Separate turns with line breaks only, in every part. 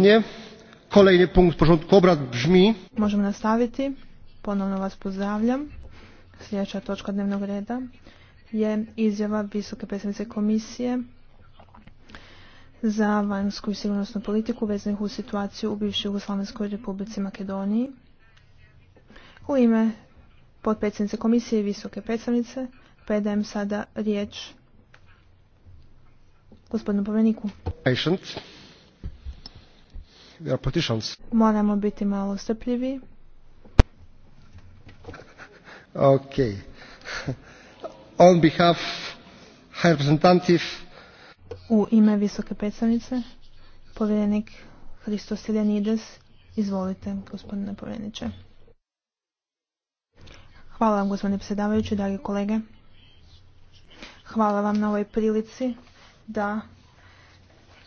Možemo Kolejny punkt porządku obrad brzmi...
Możemy nastaviti. Ponovno vas pozdravljam. Sljedeća točka dnevnog reda je izjava visoke predstavnice komisije za vanjsku i sigurnosnu politiku vezanih u situaciju u bivšoj Jugoslavenskoj republici Makedoniji. U ime potpredsjednice komisije i visoke predstavnice predajem sada riječ gospodinu povjereniku. Moramo biti malo strpljivi.
Ok. On behalf high representative
u ime visoke predstavnice, povjerenik Hristo Ilianides, izvolite gospodine povjereniče. Hvala vam gospodine predsjedavajući, dragi kolege. Hvala vam na ovoj prilici da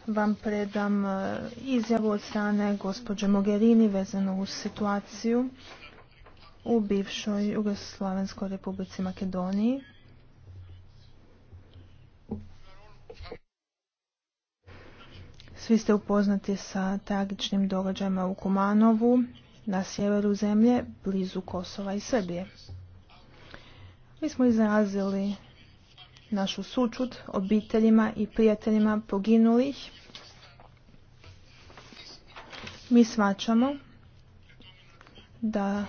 vam predam e, izjavu od strane gospođe Mogherini vezanu uz situaciju u bivšoj Jugoslavenskoj republici Makedoniji. Svi ste upoznati sa tragičnim događajima u Kumanovu, na sjeveru zemlje, blizu Kosova i Srbije. Mi smo izrazili našu sučut obiteljima i prijateljima poginulih. Mi svačamo da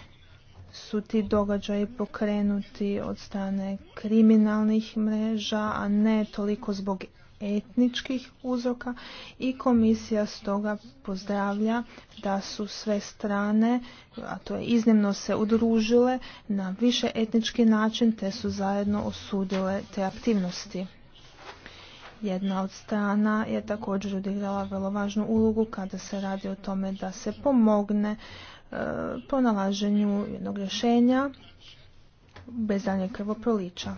su ti događaji pokrenuti od strane kriminalnih mreža, a ne toliko zbog etničkih uzroka i komisija stoga pozdravlja da su sve strane, a to je iznimno se udružile na više etnički način te su zajedno osudile te aktivnosti. Jedna od strana je također odigrala vrlo važnu ulogu kada se radi o tome da se pomogne e, po nalaženju jednog rješenja bez daljnjeg krvoprolića.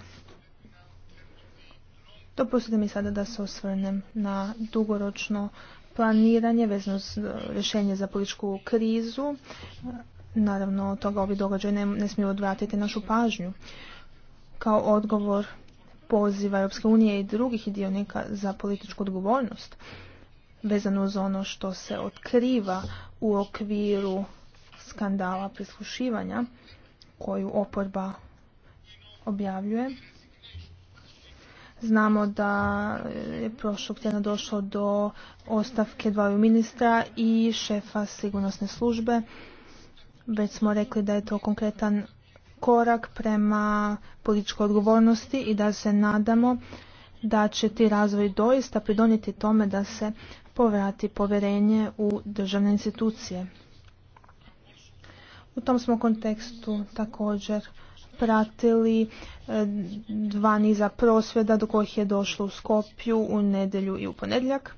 Dopustite mi sada da se osvrnem na dugoročno planiranje vezano s e, rješenje za političku krizu. Naravno, toga ovi događaj ne, smiju odvratiti našu pažnju. Kao odgovor poziva Europske unije i drugih dionika za političku odgovornost vezano uz ono što se otkriva u okviru skandala prislušivanja koju oporba objavljuje Znamo da je prošlog tjedna došlo do ostavke dvaju ministra i šefa sigurnosne službe. Već smo rekli da je to konkretan korak prema političkoj odgovornosti i da se nadamo da će ti razvoj doista pridonijeti tome da se povrati povjerenje u državne institucije. U tom smo kontekstu također pratili e, dva niza prosvjeda do kojih je došlo u Skopju u nedjelju i u ponedjeljak.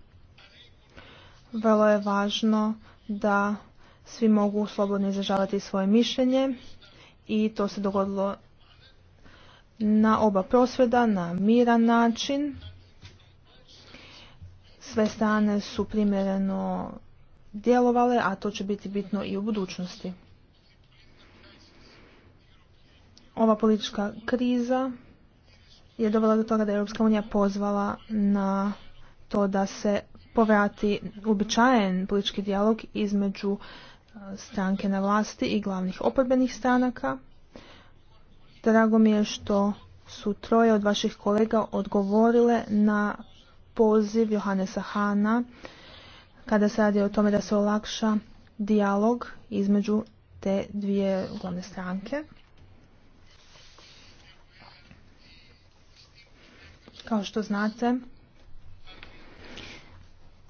Vrlo je važno da svi mogu slobodno izražavati svoje mišljenje i to se dogodilo na oba prosvjeda na miran način. Sve strane su primjereno djelovale, a to će biti bitno i u budućnosti. ova politička kriza je dovela do toga da je Europska unija pozvala na to da se povrati uobičajen politički dijalog između e, stranke na vlasti i glavnih oporbenih stranaka. Drago mi je što su troje od vaših kolega odgovorile na poziv Johanesa Hana kada se radi o tome da se olakša dijalog između te dvije glavne stranke. Kao što znate,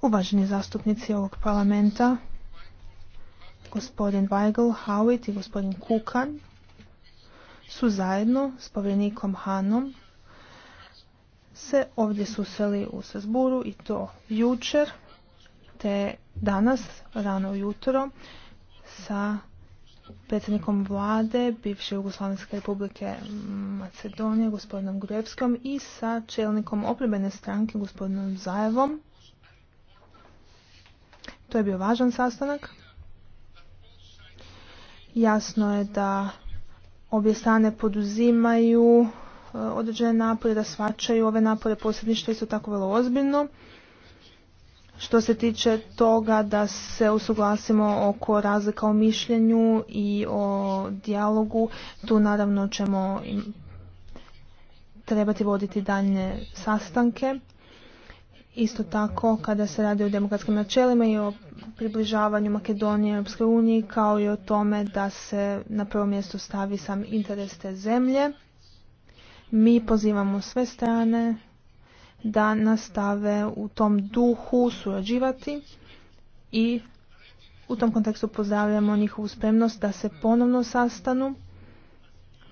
uvaženi zastupnici ovog parlamenta, gospodin Weigel, Howitt i gospodin Kukan, su zajedno s povjerenikom Hanom se ovdje susreli u Sazburu i to jučer te danas rano jutro sa predsjednikom vlade bivše Jugoslavenske republike Macedonije, gospodinom Grujevskom i sa čelnikom opribene stranke, gospodinom Zajevom. To je bio važan sastanak. Jasno je da obje strane poduzimaju e, određene napore, da svačaju ove napore posljedništvo isto tako vrlo ozbiljno što se tiče toga da se usuglasimo oko razlika o mišljenju i o dijalogu, tu naravno ćemo trebati voditi dalje sastanke. Isto tako kada se radi o demokratskim načelima i o približavanju Makedonije i Europske unije kao i o tome da se na prvo mjesto stavi sam interes te zemlje. Mi pozivamo sve strane da nastave u tom duhu surađivati i u tom kontekstu pozdravljamo njihovu spremnost da se ponovno sastanu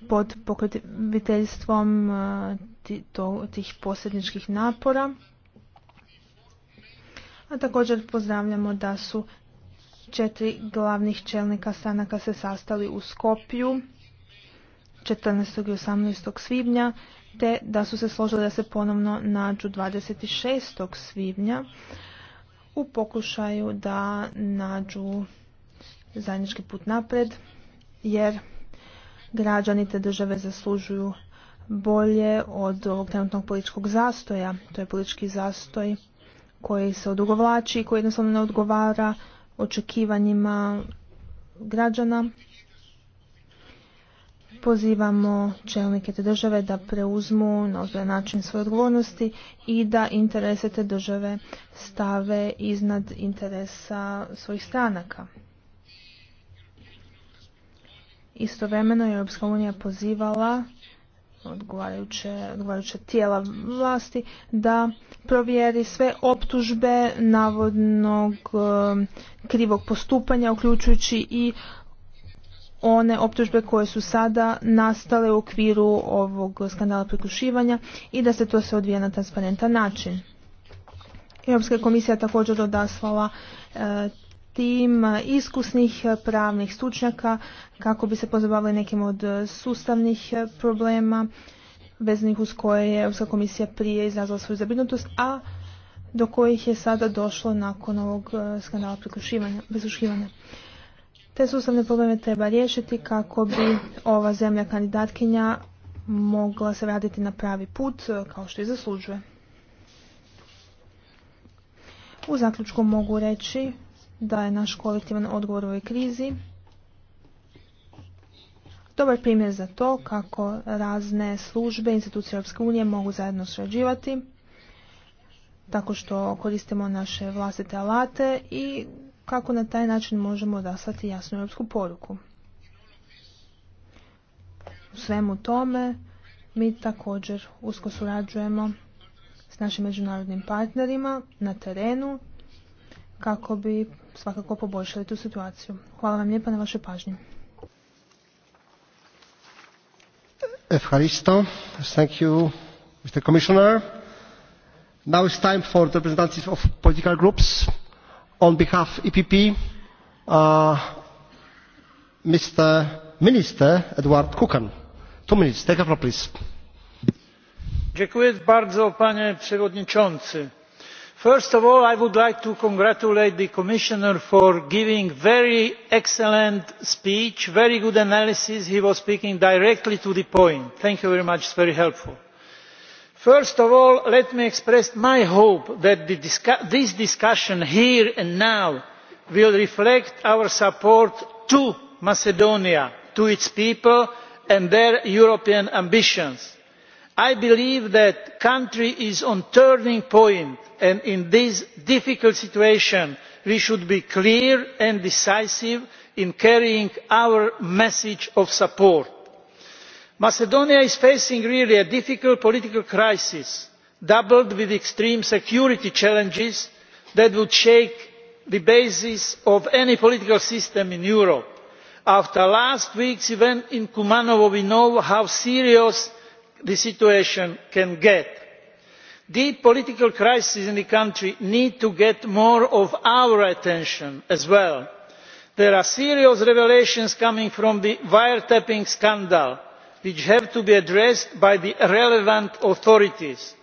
pod pokriteljstvom eh, tih posredničkih napora. A također pozdravljamo da su četiri glavnih čelnika stranaka se sastali u Skopju 14. i 18. svibnja te da su se složili da se ponovno nađu 26. svibnja u pokušaju da nađu zajednički put napred, jer građani te države zaslužuju bolje od ovog trenutnog političkog zastoja. To je politički zastoj koji se odugovlači i koji jednostavno ne odgovara očekivanjima građana pozivamo čelnike te države da preuzmu na ozbiljan ovaj način svoje odgovornosti i da interese te države stave iznad interesa svojih stranaka. Istovremeno je Europska unija pozivala odgovarajuće, odgovarajuća tijela vlasti da provjeri sve optužbe navodnog eh, krivog postupanja uključujući i one optužbe koje su sada nastale u okviru ovog skandala prikušivanja i da se to se odvija na transparentan način. Europska komisija je također odaslala e, tim iskusnih pravnih stručnjaka kako bi se pozabavili nekim od sustavnih problema vezanih uz koje je Europska komisija prije izrazila svoju zabrinutost, a do kojih je sada došlo nakon ovog e, skandala prisluškivanja. Te sustavne probleme treba riješiti kako bi ova zemlja kandidatkinja mogla se vratiti na pravi put e, kao što i zaslužuje. U zaključku mogu reći da je naš kolektivan odgovor u ovoj krizi dobar primjer za to kako razne službe, institucije Europske unije mogu zajedno surađivati tako što koristimo naše vlastite alate i kako na taj način možemo odaslati jasnu europsku poruku. U svemu tome mi također usko surađujemo s našim međunarodnim partnerima na terenu kako bi svakako poboljšali tu situaciju. Hvala vam lijepa na vašoj pažnji.
thank you, Mr. Commissioner. Now time for the representatives of political groups on behalf EPP, uh, Mr. Minister Edward Kukan. Two minutes, take floor please.
Dziękuję bardzo, panie przewodniczący. First of all, I would like to congratulate the Commissioner for giving very excellent speech, very good analysis. He was speaking directly to the point. Thank you very much, it's very helpful first of all let me express my hope that this discussion here and now will reflect our support to macedonia to its people and their european ambitions. i believe that the country is at a turning point and in this difficult situation we should be clear and decisive in carrying our message of support macedonia is facing really a difficult political crisis doubled with extreme security challenges that would shake the basis of any political system in europe. after last week's event in kumanovo we know how serious the situation can get. deep political crises in the country need to get more of our attention as well. there are serious revelations coming from the wiretapping scandal which have to be addressed by the relevant authorities.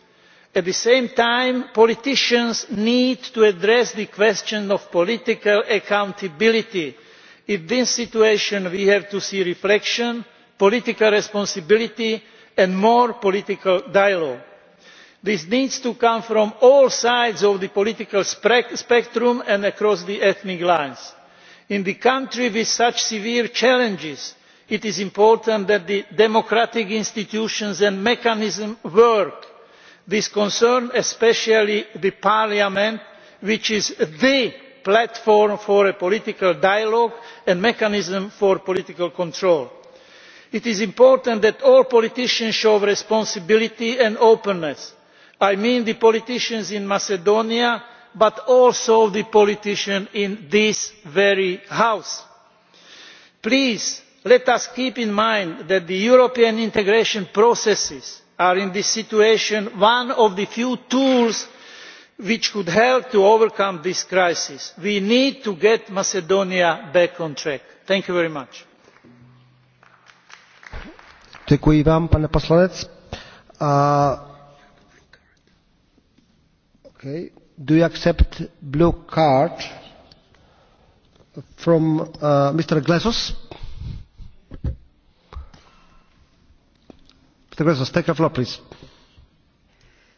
at the same time politicians need to address the question of political accountability. in this situation we have to see reflection political responsibility and more political dialogue. this needs to come from all sides of the political spectrum and across the ethnic lines. in a country with such severe challenges it is important that the democratic institutions and mechanisms work. this concerns especially parliament which is the platform for a political dialogue and mechanism for political control. it is important that all politicians show responsibility and openness i mean the politicians in macedonia but also the politicians in this very house. please let us keep in mind that the european integration processes are in this situation one of the few tools which could help to overcome this crisis. we need to get macedonia back on track. thank you very much.
Do you accept blue card from e, Mr. Gospo predsjje,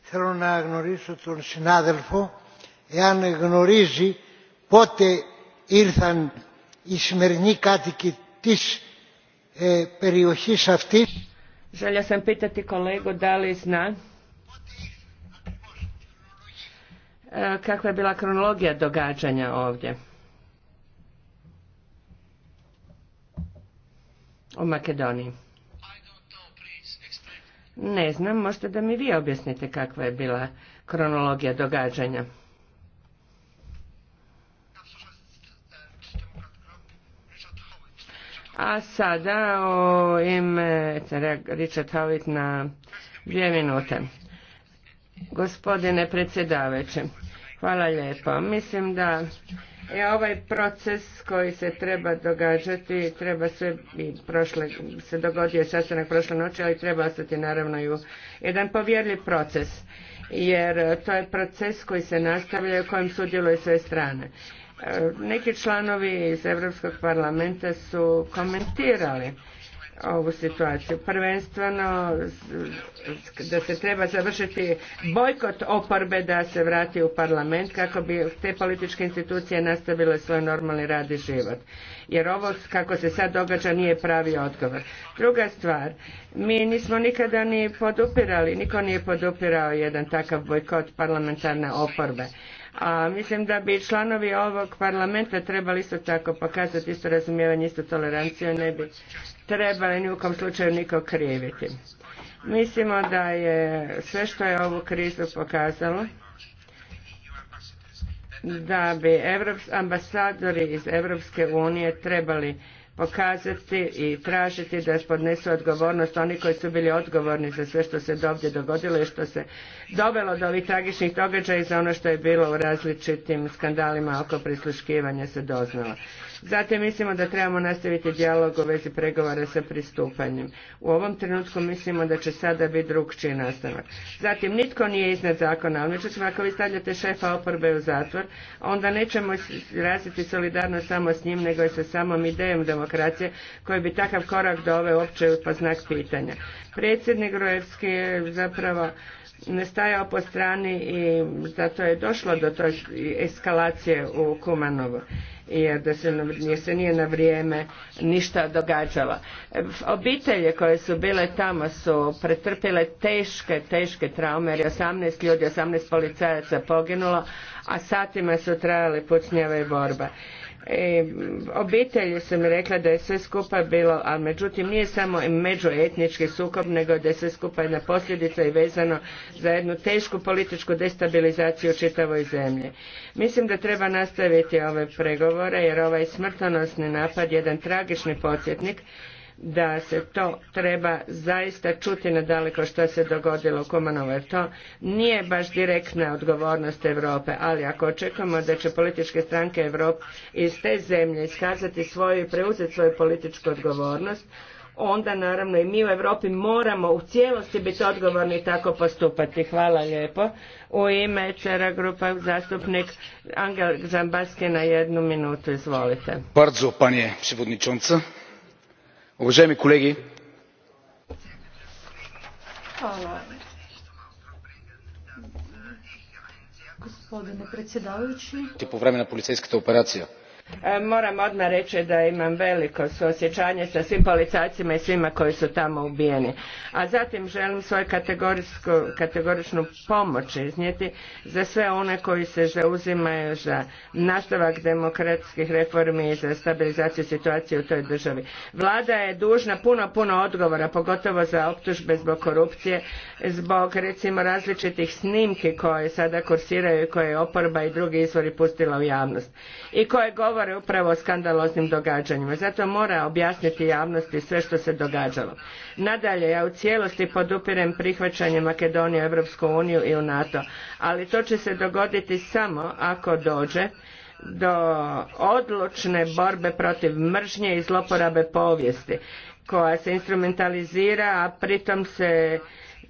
sno na ignoriu turnši nalvo ja ignorii pote irhan išmernikati ki ti perhiša ti. Žlja sam pitati kolego dali zna
kakva je bila kronologija događanja ovdje o make ne znam, možete da mi vi objasnite kakva je bila kronologija događanja. A sada o ime Richard Howitt na dvije minute. Gospodine predsjedaveće, hvala lijepo. Mislim da je ovaj proces koji se treba događati, treba se, i prošle, se dogodio sastanak prošle noći, ali treba ostati naravno i u jedan povjerljiv proces, jer e, to je proces koji se nastavlja i u kojem sudjeluju sve strane. E, neki članovi iz Europskog parlamenta su komentirali ovu situaciju. Prvenstveno da se treba završiti bojkot oporbe da se vrati u parlament kako bi te političke institucije nastavile svoj normalni rad i život. Jer ovo kako se sad događa nije pravi odgovor. Druga stvar, mi nismo nikada ni podupirali, niko nije podupirao jedan takav bojkot parlamentarne oporbe. A mislim da bi članovi ovog parlamenta trebali isto tako pokazati isto razumijevanje, isto toleranciju, ne bi trebali ni u kom slučaju nikog kriviti. Mislimo da je sve što je ovu krizu pokazalo, da bi ambasadori iz Europske unije trebali pokazati i tražiti da podnesu odgovornost oni koji su bili odgovorni za sve što se ovdje dogodilo i što se dovelo do ovih tragičnih događaja i za ono što je bilo u različitim skandalima oko prisluškivanja se doznalo. Zatim mislimo da trebamo nastaviti dijalog u vezi pregovora sa pristupanjem. U ovom trenutku mislimo da će sada biti drukčiji nastavak. Zatim nitko nije iznad zakona, ali međutim ako vi stavljate šefa oporbe u zatvor, onda nećemo raziti solidarnost samo s njim, nego i sa samom idejom demokracije koji bi takav korak doveo uopće pa znak pitanja. Predsjednik Grojevski je zapravo ne stajao po strani i zato je došlo do toj eskalacije u Kumanovu jer da se, se nije na vrijeme ništa događalo. Obitelje koje su bile tamo su pretrpile teške, teške traume jer je 18 ljudi, 18 policajaca poginulo, a satima su trajale pucnjave i borba. I e, obitelji sam rekla da je sve skupa bilo, a međutim nije samo međuetnički sukob, nego da je sve skupa jedna posljedica i vezano za jednu tešku političku destabilizaciju čitavoj zemlji. Mislim da treba nastaviti ove pregovore jer ovaj smrtonosni napad jedan tragični podsjetnik da se to treba zaista čuti na što se dogodilo u Kumanovu, to nije baš direktna odgovornost Europe, ali ako očekujemo da će političke stranke Europe iz te zemlje iskazati svoju i preuzeti svoju političku odgovornost, onda naravno i mi u Europi moramo u cijelosti biti odgovorni i tako postupati. Hvala lijepo. U ime Cera grupa zastupnik Angel Zambaske na jednu minutu.
Izvolite. Bardzo Уважаеми колеги,
Hvala. Gospodine predsjedavajući.
Po vremena policijskata operacija.
E, moram odmah reći da imam veliko suosjećanje sa svim policajcima i svima koji su tamo ubijeni. A zatim želim svoju kategoričnu pomoć iznijeti za sve one koji se zauzimaju za nastavak demokratskih reformi i za stabilizaciju situacije u toj državi. Vlada je dužna puno, puno odgovora, pogotovo za optužbe zbog korupcije, zbog recimo različitih snimki koje sada kursiraju i koje je oporba i drugi izvori pustila u javnost. I koje govore upravo o skandaloznim događanjima. Zato mora objasniti javnosti sve što se događalo. Nadalje, ja u cijelosti podupirem prihvaćanje Makedonije u Europsku uniju i u NATO, ali to će se dogoditi samo ako dođe do odlučne borbe protiv mržnje i zloporabe povijesti koja se instrumentalizira, a pritom se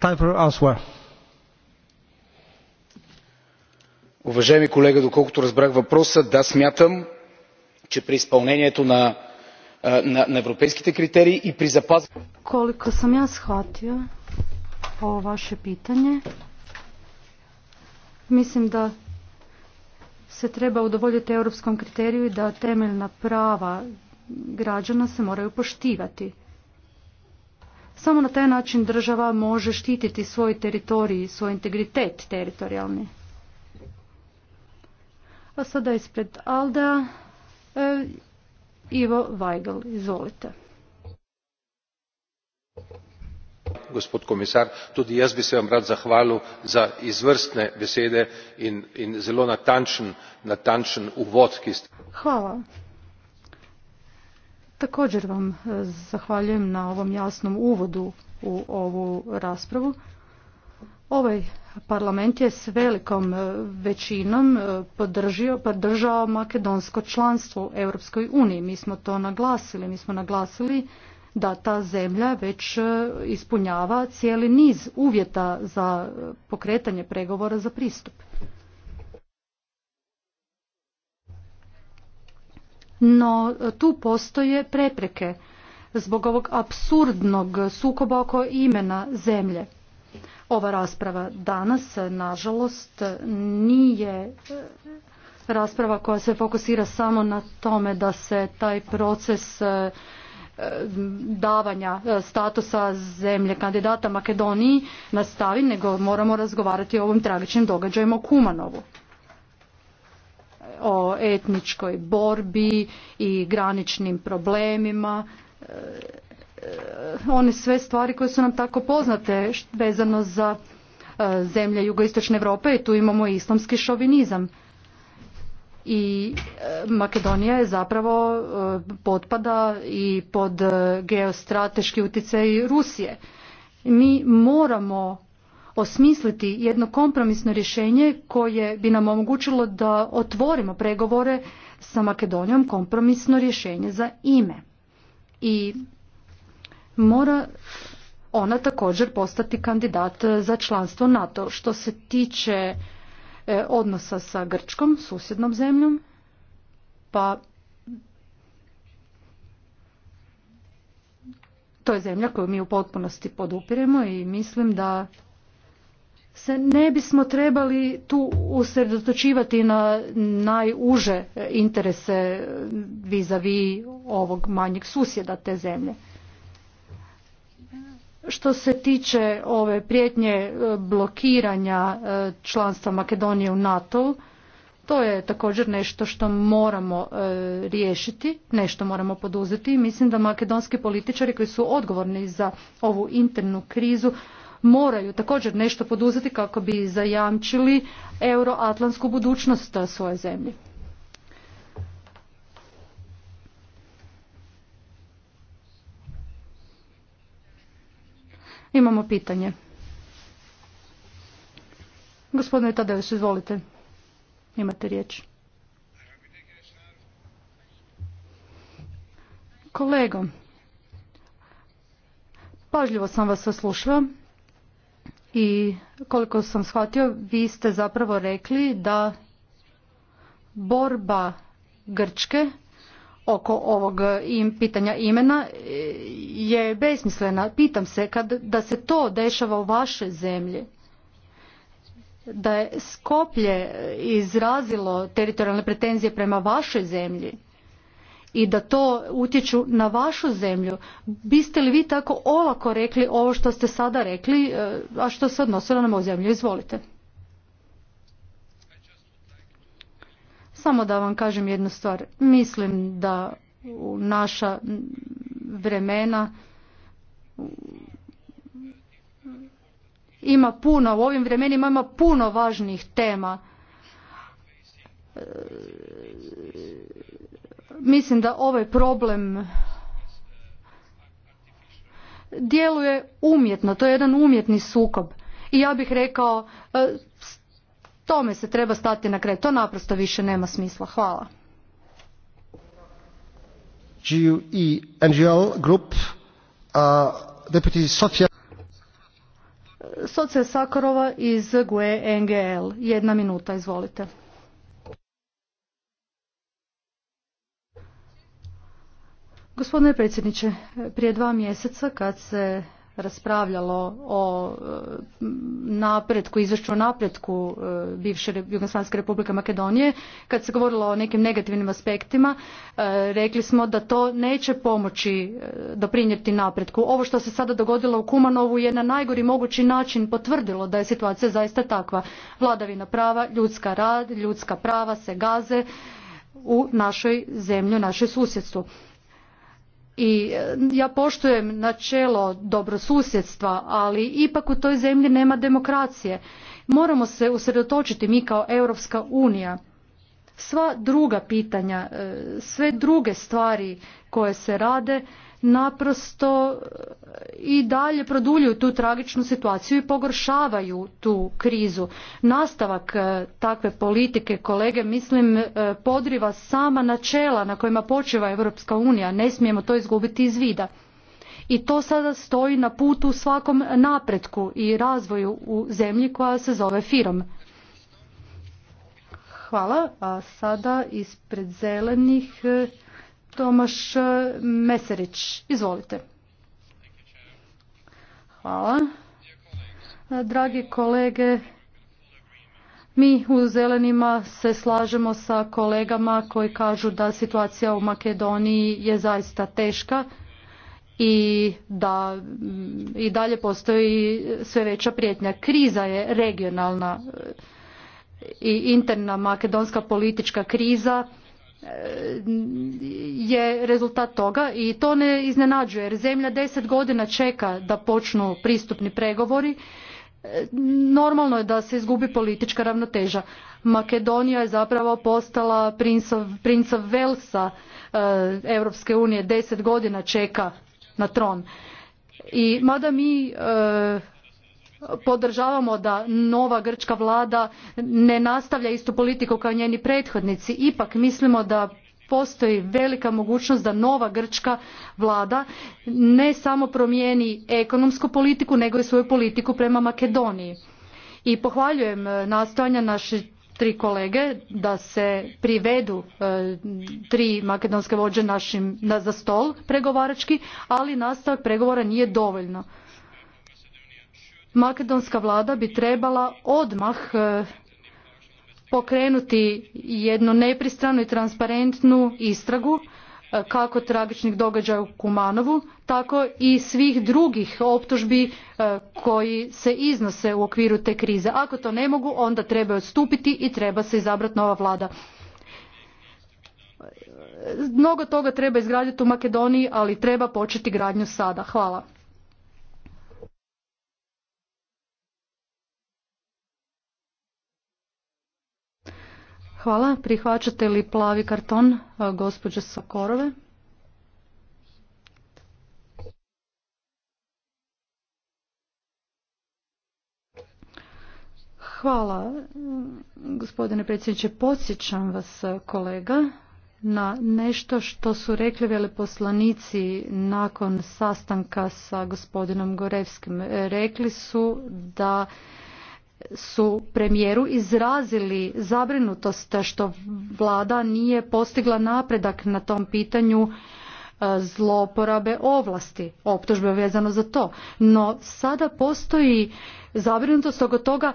Time for answer.
Уважаеми
Koliko sam ja shvatio vaše pitanje, mislim da se treba udovoljiti europskom kriteriju i da temeljna prava građana se moraju poštivati. Samo na taj način država može štititi svoj teritorij, svoj integritet teritorijalni. A sada ispred Alda e, Ivo Vajgal, izvolite.
Gospod komisar, tudi jaz bi se vam rad zahvalil za izvrstne besede in, in zelo natančen, natančen uvod,
ki ste.
Hvala. Također vam e, zahvaljujem na ovom jasnom uvodu u ovu raspravu. Ovaj parlament je s velikom e, većinom e, podržio, podržao makedonsko članstvo u Europskoj uniji. Mi smo to naglasili, mi smo naglasili da ta zemlja već ispunjava cijeli niz uvjeta za pokretanje pregovora za pristup. no tu postoje prepreke zbog ovog apsurdnog sukoba oko imena zemlje. Ova rasprava danas, nažalost, nije e, rasprava koja se fokusira samo na tome da se taj proces e, davanja e, statusa zemlje kandidata Makedoniji nastavi, nego moramo razgovarati o ovom tragičnim događajima u Kumanovu o etničkoj borbi i graničnim problemima e, e, one sve stvari koje su nam tako poznate vezano za e, zemlje jugoistočne Europe i tu imamo islamski šovinizam i Makedonija je zapravo potpada i pod geostrateški utjecaj Rusije mi moramo osmisliti jedno kompromisno rješenje koje bi nam omogućilo da otvorimo pregovore sa Makedonijom kompromisno rješenje za ime. I mora ona također postati kandidat za članstvo NATO. Što se tiče e, odnosa sa Grčkom, susjednom zemljom, pa to je zemlja koju mi u potpunosti podupiremo i mislim da se ne bismo trebali tu usredotočivati na najuže interese vis-a-vis ovog manjeg susjeda te zemlje. Što se tiče ove prijetnje e, blokiranja e, članstva Makedonije u NATO, to je također nešto što moramo e, riješiti, nešto moramo poduzeti. Mislim da makedonski političari koji su odgovorni za ovu internu krizu moraju također nešto poduzeti kako bi zajamčili euroatlantsku budućnost svoje zemlje. Imamo pitanje. Gospodine Tadeus, izvolite. Imate riječ. Kolego, pažljivo sam vas saslušala i koliko sam shvatio vi ste zapravo rekli da borba Grčke oko ovog im pitanja imena e, je besmislena. Pitam se kad, da se to dešava u vašoj zemlji da je Skoplje izrazilo teritorijalne pretenzije prema vašoj zemlji i da to utječu na vašu zemlju. Biste li vi tako olako rekli ovo što ste sada rekli, e, a što se odnosilo na moju zemlju? Izvolite. Samo da vam kažem jednu stvar. Mislim da u naša vremena ima puno, u ovim vremenima ima puno važnih tema Mislim da ovaj problem djeluje umjetno, to je jedan umjetni sukob. I ja bih rekao, e, tome se treba stati na kraj, to naprosto više nema smisla. Hvala.
GUE NGL Socija iz
GUE NGL. Jedna minuta, izvolite. Gospodine predsjedniče, prije dva mjeseca kad se raspravljalo o e, napretku, izvješću o napretku e, bivše Jugoslavijske republike Makedonije, kad se govorilo o nekim negativnim aspektima, e, rekli smo da to neće pomoći doprinijeti napretku. Ovo što se sada dogodilo u Kumanovu je na najgori mogući način potvrdilo da je situacija zaista takva. Vladavina prava, ljudska rad, ljudska prava se gaze u našoj zemlji, u našoj susjedstvu i e, ja poštujem načelo dobrosusjedstva, ali ipak u toj zemlji nema demokracije. Moramo se usredotočiti mi kao Europska unija. Sva druga pitanja, e, sve druge stvari koje se rade, naprosto e, i dalje produljuju tu tragičnu situaciju i pogoršavaju tu krizu. Nastavak e, takve politike, kolege, mislim e, podriva sama načela na kojima počiva Europska unija. Ne smijemo to izgubiti iz vida. I to sada stoji na putu svakom napretku i razvoju u zemlji koja se zove Firom. Hvala. A sada ispred zelenih Tomaš e, Meserić. Izvolite. Hvala. E, dragi kolege, mi u Zelenima se slažemo sa kolegama koji kažu da situacija u Makedoniji je zaista teška i da i dalje postoji sve veća prijetnja. Kriza je regionalna i interna makedonska politička kriza je rezultat toga i to ne iznenađuje jer zemlja deset godina čeka da počnu pristupni pregovori normalno je da se izgubi politička ravnoteža. Makedonija je zapravo postala princa Velsa eh, Europske unije, deset godina čeka na tron. I mada mi eh, podržavamo da nova grčka vlada ne nastavlja istu politiku kao njeni prethodnici ipak mislimo da postoji velika mogućnost da nova grčka vlada ne samo promijeni ekonomsku politiku nego i svoju politiku prema makedoniji i pohvaljujem e, nastojanja naše tri kolege da se privedu e, tri makedonske vođe našim, na, za stol pregovarački ali nastavak pregovora nije dovoljno makedonska vlada bi trebala odmah eh, pokrenuti jednu nepristranu i transparentnu istragu eh, kako tragičnih događaja u Kumanovu, tako i svih drugih optužbi eh, koji se iznose u okviru te krize. Ako to ne mogu, onda treba odstupiti i treba se izabrati nova vlada. Mnogo toga treba izgraditi u Makedoniji, ali treba početi gradnju sada. Hvala. Hvala. Prihvaćate li plavi karton e, gospođe Sokorove? Hvala, gospodine predsjedniče. Podsjećam vas, e, kolega, na nešto što su rekli veleposlanici nakon sastanka sa gospodinom Gorevskim. Rekli su da su premijeru izrazili zabrinutost što vlada nije postigla napredak na tom pitanju e, zloporabe ovlasti, optužbe vezano za to. No sada postoji zabrinutost oko toga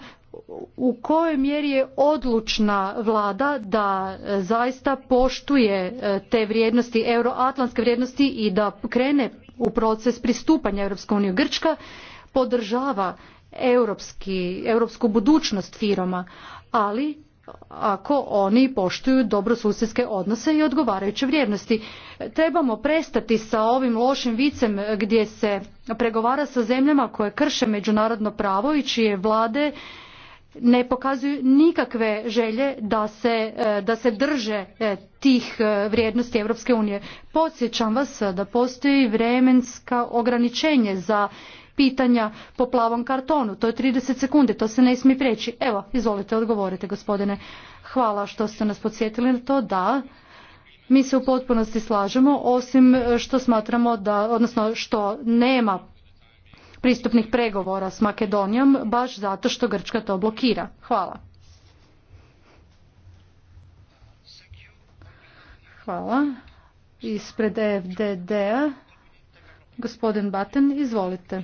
u kojoj mjeri je odlučna vlada da zaista poštuje e, te vrijednosti, euroatlantske vrijednosti i da krene u proces pristupanja EU. Grčka podržava europsku budućnost firoma, ali ako oni poštuju dobrosusjedske odnose i odgovarajuće vrijednosti. Trebamo prestati sa ovim lošim vicem gdje se pregovara sa zemljama koje krše međunarodno pravo i čije vlade ne pokazuju nikakve želje da se, da se drže e, tih e, vrijednosti Europske unije. Podsjećam vas da postoji vremenska ograničenje za pitanja po plavom kartonu. To je 30 sekundi, to se ne smije preći. Evo, izvolite, odgovorite gospodine. Hvala što ste nas podsjetili na to. Da, mi se u potpunosti slažemo, osim što smatramo da, odnosno što nema pristupnih pregovora s Makedonijom, baš zato što Grčka to blokira. Hvala. Hvala. Ispred FDD-a, gospodin Batten, izvolite.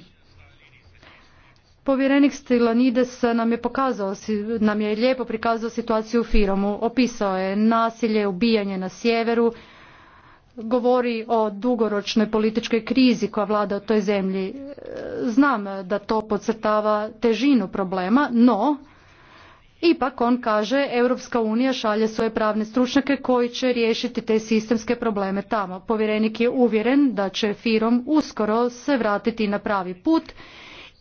Povjerenik Stilanides nam je pokazao, nam je lijepo prikazao situaciju u Firomu. Opisao je nasilje, ubijanje na sjeveru, govori o dugoročnoj političkoj krizi koja vlada u toj zemlji. E, znam da to podcrtava težinu problema, no ipak on kaže Europska unija šalje svoje pravne stručnjake koji će riješiti te sistemske probleme tamo. Povjerenik je uvjeren da će Firom uskoro se vratiti na pravi put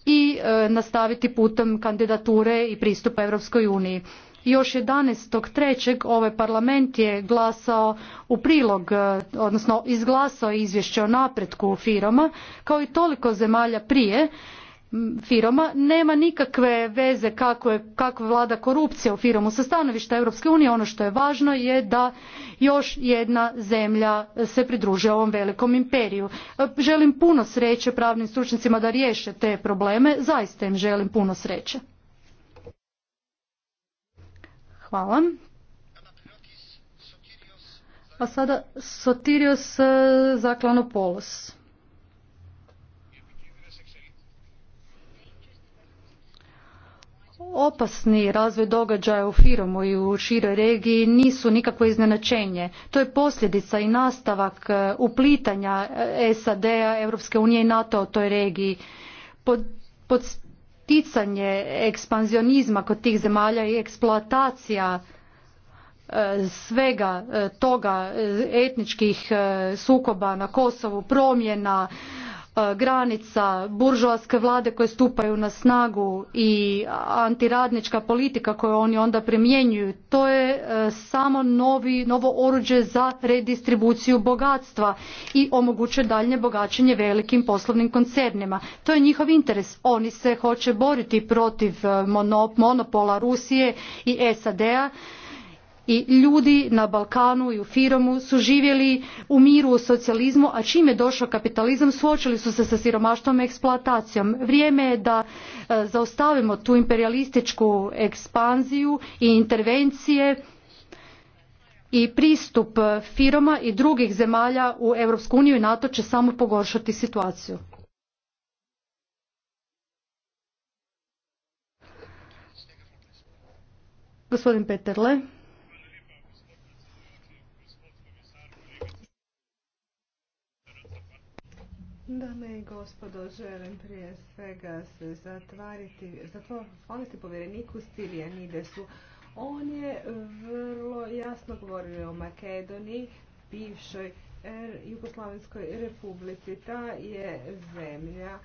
i e, nastaviti putem kandidature i pristupa Europskoj uniji. Još 11.3. ovaj parlament je glasao u prilog, e, odnosno izglasao izvješće o napretku firoma kao i toliko zemalja prije, firoma nema nikakve veze kako, je, kako vlada korupcija u firmu sa stanovišta Europske unije. Ono što je važno je da još jedna zemlja se pridruži ovom velikom imperiju. E, želim puno sreće pravnim stručnicima da riješe te probleme. Zaista im želim puno sreće. Hvala. A sada Sotirios e, Zaklanopolos. opasni razvoj događaja u Firomu i u široj regiji nisu nikakvo iznenačenje. To je posljedica i nastavak e, uplitanja e, SAD-a, Europske unije i NATO u toj regiji. Pod, ekspanzionizma kod tih zemalja i eksploatacija e, svega toga etničkih sukoba na Kosovu, promjena E, granica buržoaske vlade koje stupaju na snagu i antiradnička politika koju oni onda primjenjuju to je e, samo novi, novo oruđe za redistribuciju bogatstva i omogućuje daljnje bogaćenje velikim poslovnim koncernima. To je njihov interes. Oni se hoće boriti protiv e, monopola Rusije i SAD-a i ljudi na Balkanu i u Firomu su živjeli u miru, u socijalizmu, a čim je došao kapitalizam suočili su se sa siromaštvom i eksploatacijom. Vrijeme je da e, zaustavimo tu imperialističku ekspanziju i intervencije i pristup Firoma i drugih zemalja u Europsku uniju i NATO će samo pogoršati situaciju. Gospodin Peterle.
Dame i gospodo, želim prije svega se zatvariti, zatvoriti povjereniku Nidesu. On je vrlo jasno govorio o Makedoniji, bivšoj er, Jugoslavenskoj republici. Ta je zemlja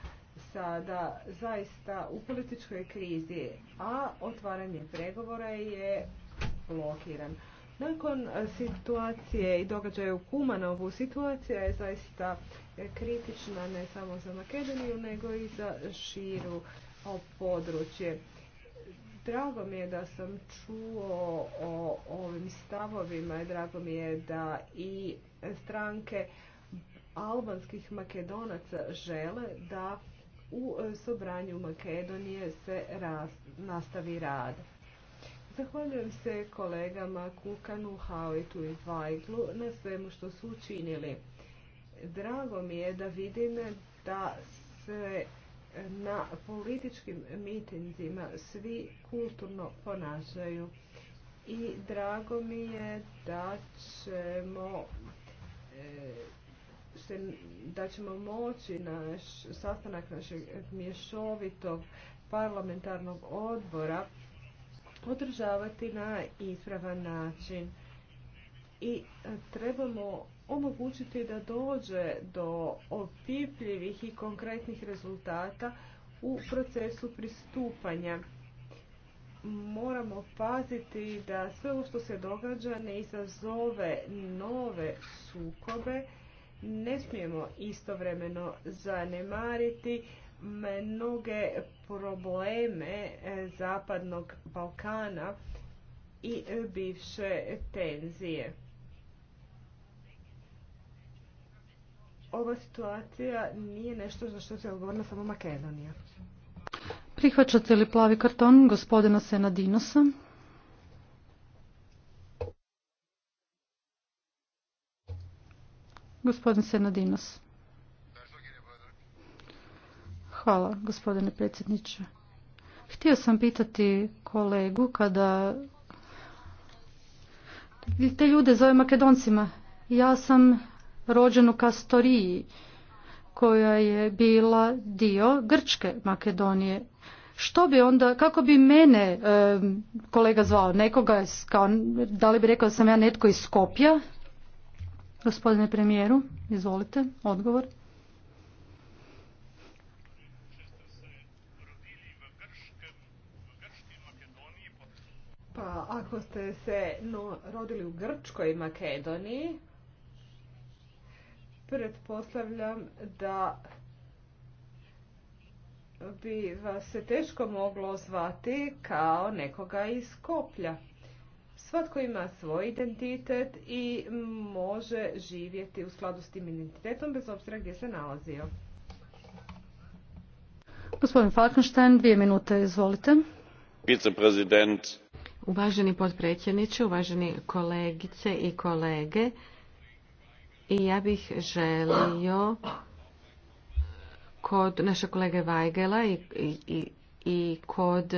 sada zaista u političkoj krizi, a otvaranje pregovora je blokiran. Nakon e, situacije i događaja u Kumanovu, situacija je zaista e, kritična ne samo za Makedoniju, nego i za širu područje. Drago mi je da sam čuo o ovim stavovima i drago mi je da i stranke albanskih makedonaca žele da u e, sobranju Makedonije se nastavi rad. Zahvaljujem se kolegama Kukanu, Hauitu i Vajglu na svemu što su učinili. Drago mi je da vidim da se na političkim mitinzima svi kulturno ponašaju. I drago mi je da ćemo e, da ćemo moći naš sastanak našeg mješovitog parlamentarnog odbora održavati na ispravan način. I e, trebamo omogućiti da dođe do opipljivih i konkretnih rezultata u procesu pristupanja. Moramo paziti da sve ovo što se događa ne izazove nove sukobe. Ne smijemo istovremeno zanemariti mnoge probleme e, Zapadnog Balkana i bivše tenzije. Ova situacija nije nešto za što se odgovorna samo Makedonija.
Prihvaćate li plavi karton gospodina Senadinosa? Gospodin Senadinos. Hvala, gospodine predsjedniče. Htio sam pitati kolegu kada te ljude zove makedoncima. Ja sam rođen u Kastoriji koja je bila dio Grčke Makedonije. Što bi onda, kako bi mene kolega zvao, nekoga, kao, da li bi rekao da sam ja netko iz Skopja? Gospodine premijeru, izvolite, odgovor.
ako ste se rodili u Grčkoj i Makedoniji, pretpostavljam da bi vas se teško moglo zvati kao nekoga iz Koplja. Svatko ima svoj identitet i može živjeti u skladu s tim identitetom bez obzira gdje se nalazio.
Gospodin Falkenstein, dvije minute, izvolite.
Viceprezident
Uvaženi potpredsjedniče, uvaženi kolegice i kolege, i ja bih želio kod naše kolege Vajgela i, i, i kod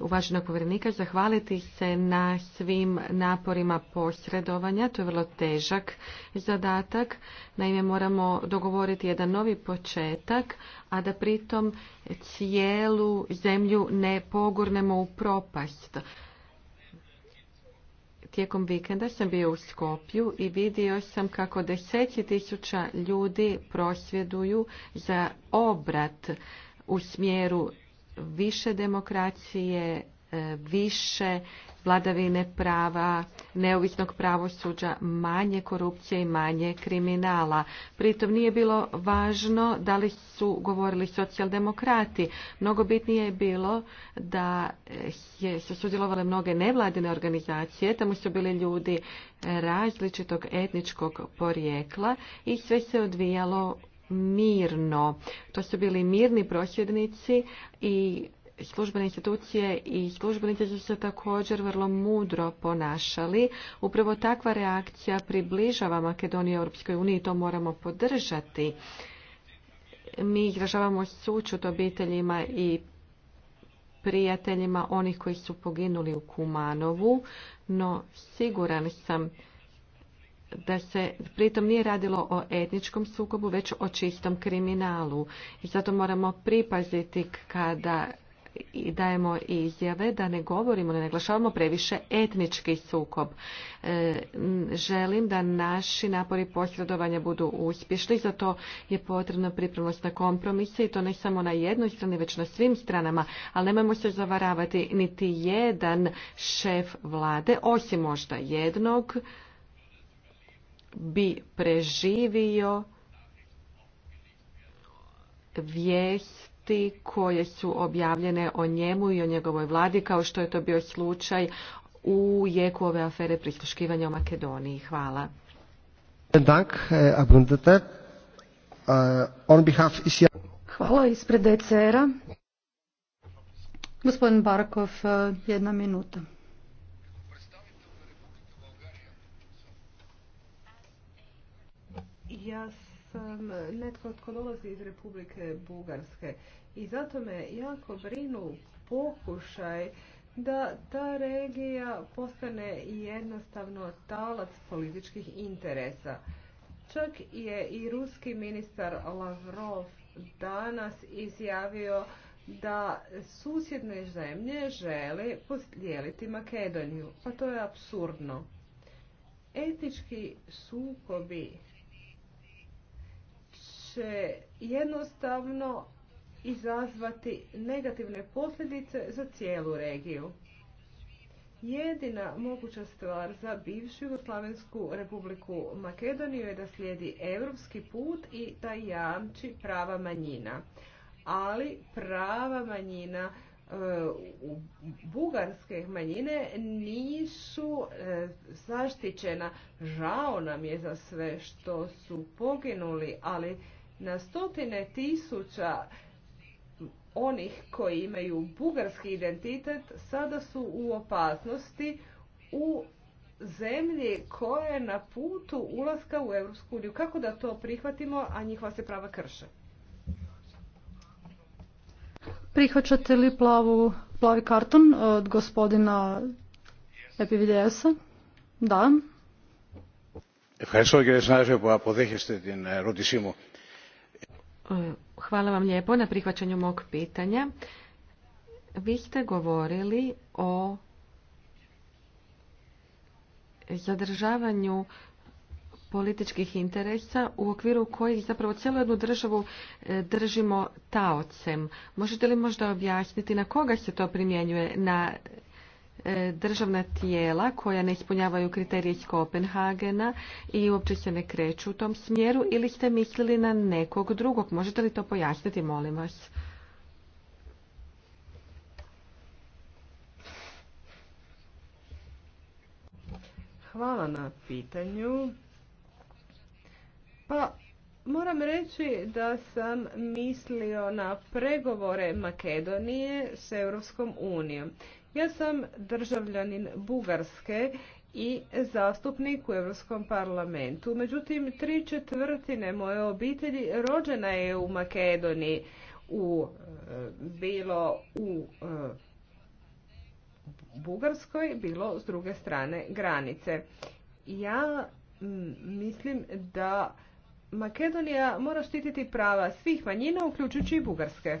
uvaženog povjerenika zahvaliti se na svim naporima posredovanja. To je vrlo težak zadatak. Naime, moramo dogovoriti jedan novi početak, a da pritom cijelu zemlju ne pogurnemo u propast. Tijekom vikenda sam bio u Skopju i vidio sam kako deseci tisuća ljudi prosvjeduju za obrat u smjeru više demokracije, E, više vladavine prava, neovisnog pravosuđa, manje korupcije i manje kriminala. Pritom nije bilo važno da li su govorili socijaldemokrati. Mnogo bitnije je bilo da e, je, su sudjelovale mnoge nevladine organizacije, tamo su bili ljudi različitog etničkog porijekla i sve se odvijalo mirno. To su bili mirni prosvjednici i službene institucije i službenici su se također vrlo mudro ponašali. Upravo takva reakcija približava Makedoniju Europskoj uniji i to moramo podržati. Mi izražavamo sućut obiteljima i prijateljima onih koji su poginuli u Kumanovu, no siguran sam da se pritom nije radilo o etničkom sukobu, već o čistom kriminalu. I zato moramo pripaziti kada i dajemo izjave da ne govorimo, ne naglašavamo previše etnički sukob. E, želim da naši napori posredovanja budu uspješni, zato je potrebna pripremnost na kompromise i to ne samo na jednoj strani, već na svim stranama, ali nemojmo se zavaravati niti jedan šef vlade, osim možda jednog, bi preživio vijest vijesti koje su objavljene o njemu i o njegovoj vladi, kao što je to bio slučaj u jeku ove afere prisluškivanja u Makedoniji. Hvala.
Eh, eh, Hvala ispred DCR-a. E
Gospodin Barkov, eh, jedna minuta.
Ja sam netko tko dolazi iz Republike Bugarske i zato me jako brinu pokušaj da ta regija postane jednostavno talac političkih interesa. Čak je i ruski ministar Lavrov danas izjavio da susjedne zemlje žele podijeliti Makedoniju. Pa to je absurdno. Etički sukobi će jednostavno izazvati negativne posljedice za cijelu regiju. Jedina moguća stvar za bivšu Jugoslavensku republiku Makedoniju je da slijedi europski put i da jamči prava manjina. Ali prava manjina e, u bugarske manjine nisu e, zaštićena. Žao nam je za sve što su poginuli, ali na stotine tisuća onih koji imaju bugarski identitet sada su u opasnosti u zemlji koja je na putu ulaska u Europsku uniju. Kako da to prihvatimo, a njihova se prava krše?
Prihvaćate li plavu, plavi karton od gospodina Epivideosa? Da.
Hvala, što je naša αποδέχεστε την
Hvala vam lijepo na prihvaćanju mog pitanja. Vi ste govorili o zadržavanju političkih interesa u okviru kojih zapravo cijelu jednu državu e, držimo taocem. Možete li možda objasniti na koga se to primjenjuje? Na E, državna tijela koja ne ispunjavaju kriterije iz Kopenhagena i uopće se ne kreću u tom smjeru ili ste mislili na nekog drugog? Možete li to pojasniti, molim vas?
Hvala na pitanju. Pa, moram reći da sam mislio na pregovore Makedonije s Europskom unijom. Ja sam državljanin Bugarske i zastupnik u Europskom parlamentu. Međutim, tri četvrtine moje obitelji rođena je u Makedoniji, e, bilo u e, Bugarskoj, bilo s druge strane granice. Ja mislim da Makedonija mora štititi prava svih manjina, uključujući i Bugarske.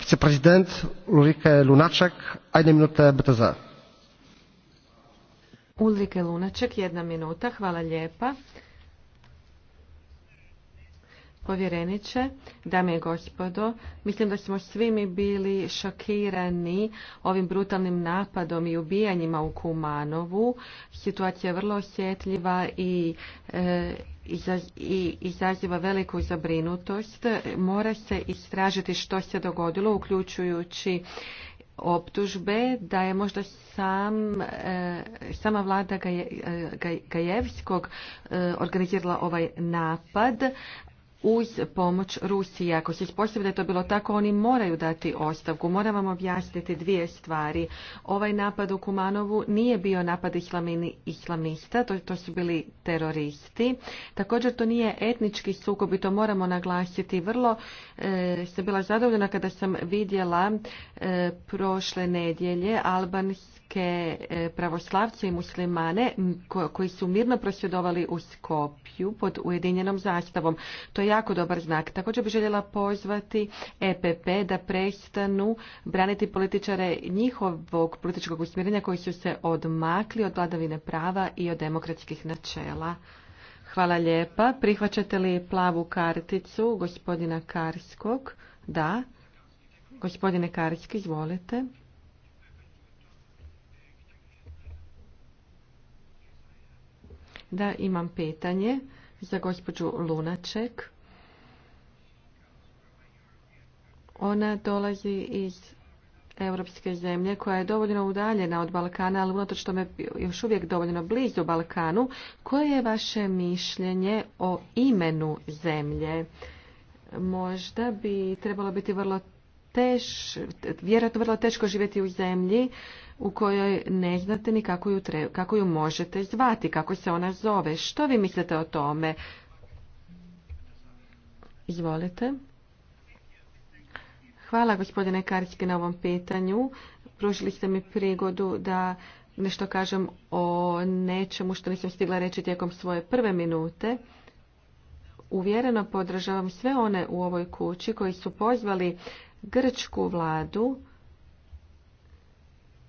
Viceprezident Ulrike Lunaček, jedna minuta, BTZ.
Ulrike jedna minuta, hvala lijepa. Povjereniče, dame i gospodo, mislim da smo svi mi bili šokirani ovim brutalnim napadom i ubijanjima u Kumanovu. Situacija je vrlo osjetljiva i i izaziva veliku zabrinutost. Mora se istražiti što se dogodilo, uključujući optužbe da je možda sam, e, sama vlada e, Gajevskog e, organizirala ovaj napad, uz pomoć Rusije. Ako se ispostavi da je to bilo tako, oni moraju dati ostavku. Moram vam objasniti dvije stvari. Ovaj napad u Kumanovu nije bio napad islamista, to, to su bili teroristi. Također to nije etnički sukob i to moramo naglasiti. Vrlo e, sam bila zadovoljena kada sam vidjela e, prošle nedjelje albanski srpske e, pravoslavce i muslimane koji su mirno prosvjedovali u Skopju pod ujedinjenom zastavom. To je jako dobar znak. Također bih željela pozvati EPP da prestanu braniti političare njihovog političkog usmjerenja koji su se odmakli od vladavine prava i od demokratskih načela. Hvala lijepa. Prihvaćate li plavu karticu gospodina Karskog? Da. Gospodine Karski, izvolite. Da, imam pitanje za gospođu Lunaček. Ona dolazi iz europske zemlje koja je dovoljno udaljena od Balkana, ali unatoč tome još uvijek dovoljno blizu Balkanu. Koje je vaše mišljenje o imenu zemlje? Možda bi trebalo biti vrlo teško, vjerojatno vrlo teško živjeti u zemlji u kojoj ne znate ni kako ju, kako ju možete zvati, kako se ona zove. Što vi mislite o tome? Izvolite. Hvala gospodine Karski na ovom pitanju. Pružili ste mi prigodu da nešto kažem o nečemu što nisam stigla reći tijekom svoje prve minute. Uvjereno podržavam sve one u ovoj kući koji su pozvali grčku vladu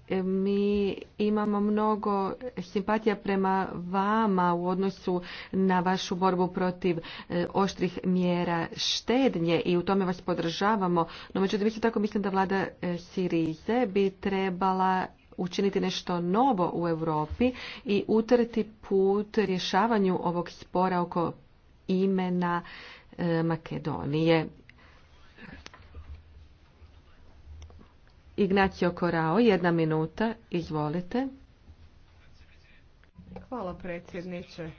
mi imamo mnogo simpatija prema vama u odnosu na vašu borbu protiv e, oštrih mjera štednje i u tome vas podržavamo. No međutim, isto tako mislim da vlada e, Sirize bi trebala učiniti nešto novo u Europi i utrti put rješavanju ovog spora oko imena e, Makedonije. Ignacio Korao, jedna minuta, izvolite.
Hvala predsjedniče.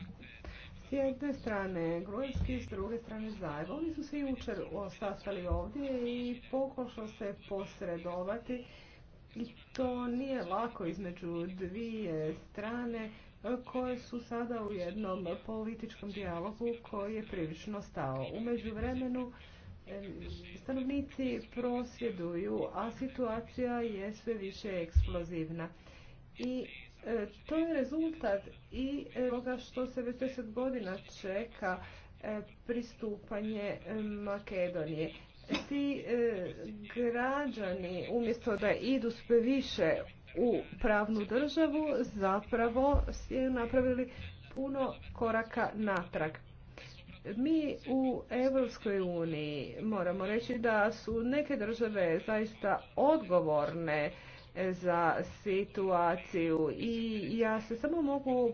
S jedne strane grujski s druge strane zajedno. Oni su se jučer sastali ovdje i pokušao se posredovati. I to nije lako između dvije strane e, koje su sada u jednom političkom dijalogu koji je prilično stao. U međuvremenu Stanovnici prosvjeduju, a situacija je sve više eksplozivna. I e, to je rezultat i toga što se već deset godina čeka e, pristupanje e, Makedonije. Ti građani umjesto da idu sve više u pravnu državu zapravo su napravili puno koraka natrag. Mi u Europskoj uniji moramo reći da su neke države zaista odgovorne za situaciju i ja se samo mogu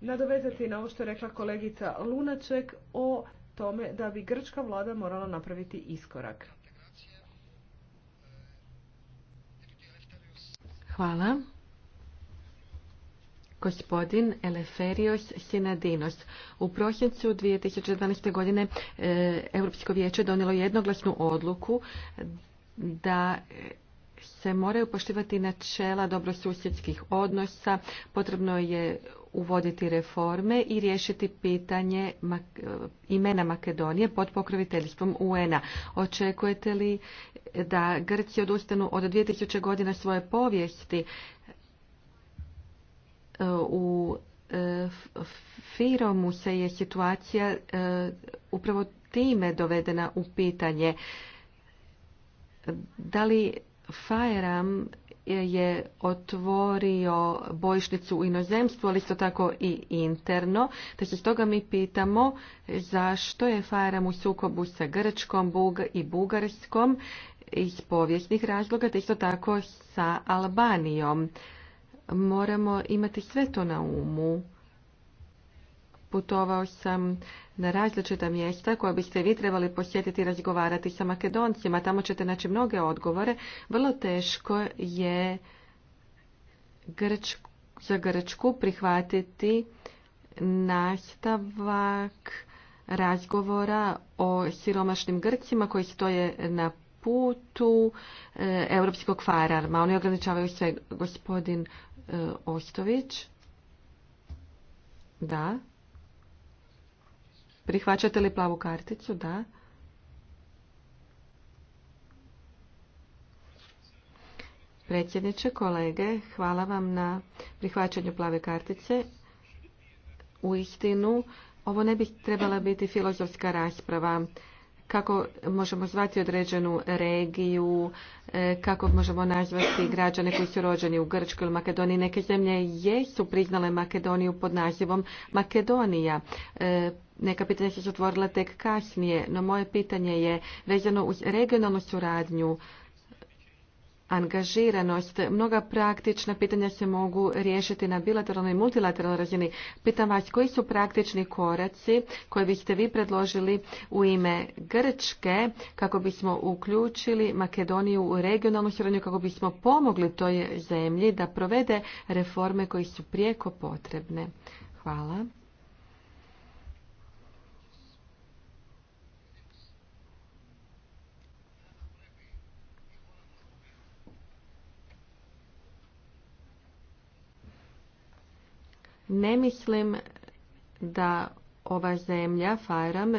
nadovezati na ovo što je rekla kolegica Lunaček o tome da bi grčka vlada morala napraviti iskorak.
Hvala gospodin Eleferios Sinadinos. U prosincu 2012. godine e, Europsko vijeće donijelo jednoglasnu odluku da se moraju poštivati načela dobrosusjedskih odnosa, potrebno je uvoditi reforme i riješiti pitanje e, imena Makedonije pod pokroviteljstvom UN-a. Očekujete li da Grci odustanu od 2000 godina svoje povijesti E, u e, Firomu se je situacija e, upravo time dovedena u pitanje. Da li Fajram je otvorio bojišnicu u inozemstvu, ali isto tako i interno. Te se stoga mi pitamo zašto je Fajram u sukobu sa Grčkom i Bugarskom iz povijesnih razloga, te isto tako sa Albanijom moramo imati sve to na umu. Putovao sam na različita mjesta koja biste vi trebali posjetiti i razgovarati sa makedoncima. Tamo ćete naći mnoge odgovore. Vrlo teško je za Grčku prihvatiti nastavak razgovora o siromašnim Grcima koji stoje na putu e, europskog fararma. Oni ograničavaju sve. Gospodin E, Ostović. Da. Prihvaćate li plavu karticu? Da. Predsjedniče, kolege, hvala vam na prihvaćanju plave kartice. U istinu, ovo ne bi trebala biti filozofska rasprava kako možemo zvati određenu regiju, e, kako možemo nazvati građane koji su rođeni u Grčkoj ili Makedoniji. Neke zemlje jesu priznale Makedoniju pod nazivom Makedonija. E, neka pitanja su otvorila tek kasnije, no moje pitanje je vezano uz regionalnu suradnju angažiranost. Mnoga praktična pitanja se mogu riješiti na bilateralnoj i multilateralnoj razini. Pitam vas koji su praktični koraci koje biste vi predložili u ime Grčke kako bismo uključili Makedoniju u regionalnu suradnju, kako bismo pomogli toj zemlji da provede reforme koji su prijeko potrebne. Hvala. Ne mislim da ova zemlja, Fajram,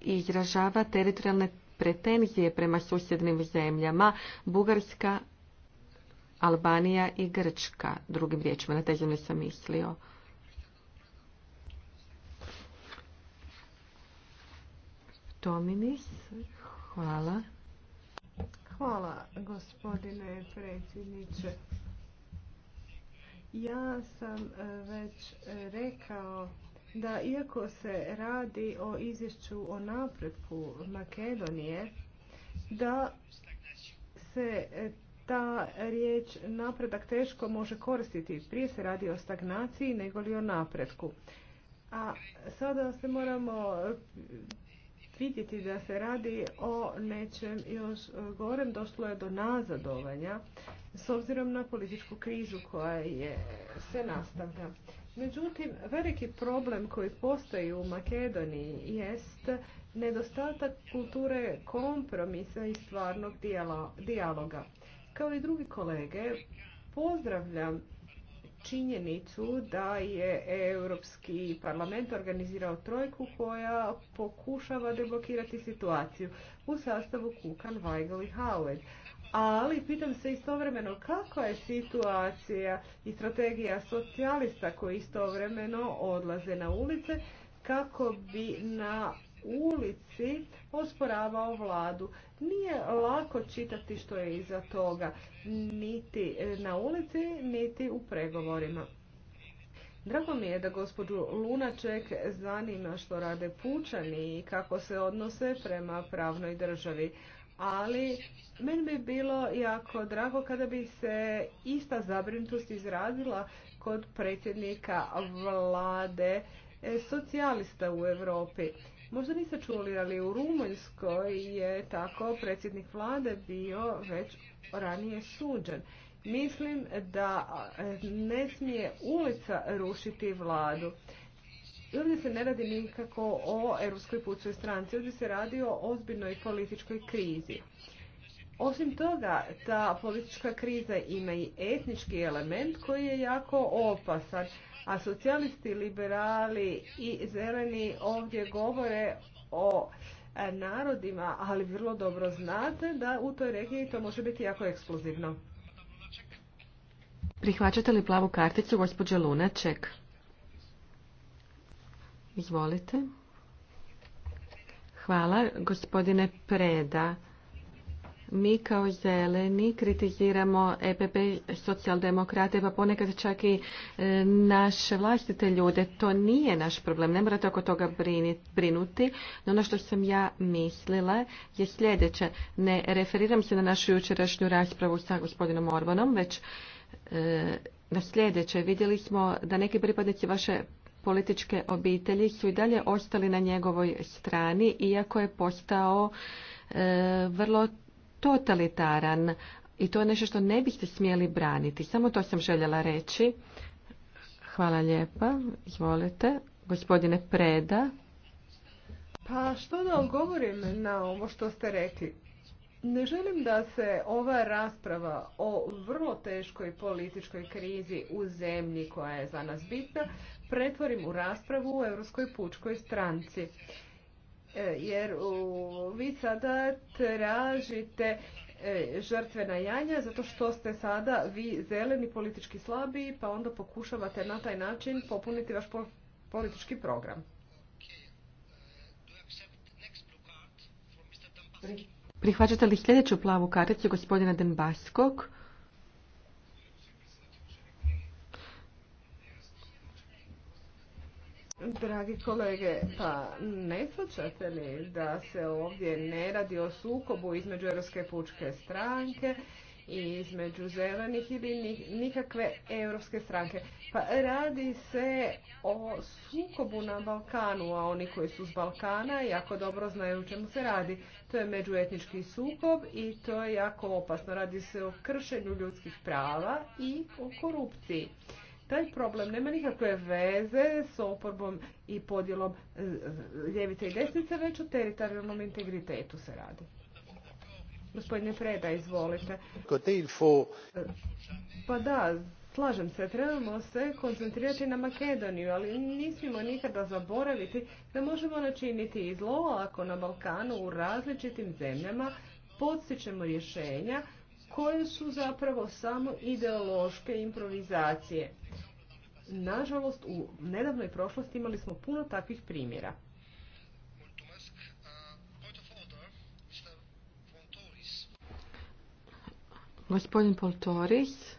izražava teritorijalne pretenzije prema susjednim zemljama, Bugarska, Albanija i Grčka. Drugim riječima, na te zemlje sam mislio. Dominis, hvala.
Hvala, gospodine predsjedniče. Ja sam e, već rekao da iako se radi o izvješću o napretku Makedonije, da se e, ta riječ napredak teško može koristiti. Prije se radi o stagnaciji nego li o napretku. A sada se moramo vidjeti da se radi o nečem još e, gorem, došlo je do nazadovanja s obzirom na političku krizu koja je, se nastavlja. Međutim, veliki problem koji postoji u Makedoniji jest nedostatak kulture kompromisa i stvarnog dijaloga. Kao i drugi kolege, pozdravljam činjenicu da je Europski parlament organizirao trojku koja pokušava deblokirati situaciju u sastavu Kukan, Weigel i Howard. Ali pitam se istovremeno kakva je situacija i strategija socijalista koji istovremeno odlaze na ulice kako bi na ulici osporavao vladu. Nije lako čitati što je iza toga, niti na ulici, niti u pregovorima. Drago mi je da gospođu Lunaček zanima što rade pučani i kako se odnose prema pravnoj državi. Ali meni bi bilo jako drago kada bi se ista zabrinutost izrazila kod predsjednika vlade e, socijalista u Europi. Možda niste čuli, ali u Rumunjskoj je tako predsjednik vlade bio već ranije suđen. Mislim da ne smije ulica rušiti vladu. I ovdje se ne radi nikako o Europskoj pučkoj stranci, ovdje se radi o ozbiljnoj političkoj krizi. Osim toga, ta politička kriza ima i etnički element koji je jako opasan, a socijalisti, liberali i zeleni ovdje govore o e, narodima, ali vrlo dobro znate da u toj regiji to može biti jako eksplozivno.
Prihvaćate li plavu karticu, gospođa Lunaček? Izvolite. Hvala, gospodine Preda mi kao zeleni kritiziramo EPP socijaldemokrate, pa ponekad čak i e, naše vlastite ljude. To nije naš problem, ne morate oko toga brinuti. No ono što sam ja mislila je sljedeće. Ne referiram se na našu jučerašnju raspravu sa gospodinom Orbanom, već e, na sljedeće. Vidjeli smo da neki pripadnici vaše političke obitelji su i dalje ostali na njegovoj strani, iako je postao e, vrlo totalitaran i to je nešto što ne biste smjeli braniti. Samo to sam željela reći. Hvala lijepa. Izvolite. Gospodine Preda.
Pa što da odgovorim na ovo što ste rekli? Ne želim da se ova rasprava o vrlo teškoj političkoj krizi u zemlji koja je za nas bitna pretvorim u raspravu u Europskoj pučkoj stranci. E, jer vi sada tražite e, žrtvena janja zato što ste sada vi zeleni politički slabi pa onda pokušavate na taj način popuniti vaš politički program.
Prihvaćate li sljedeću plavu karticu gospodina Denbaskog?
Dragi kolege, pa ne slučate li da se ovdje ne radi o sukobu između Europske pučke stranke i između zelenih ili nikakve europske stranke. Pa radi se o sukobu na Balkanu, a oni koji su s Balkana jako dobro znaju u čemu se radi. To je međuetnički sukob i to je jako opasno. Radi se o kršenju ljudskih prava i o korupciji. Taj problem nema nikakve veze s oporbom i podjelom e, ljevice i desnice, već o teritorijalnom integritetu se radi. Gospodine Preda, izvolite. E, pa da, slažem se, trebamo se koncentrirati na Makedoniju, ali nismo nikada zaboraviti da možemo načiniti i zlo ako na Balkanu u različitim zemljama podstičemo rješenja koje su zapravo samo ideološke improvizacije. Nažalost, u nedavnoj prošlosti imali smo puno takvih
primjera. Gospodin Poltoris,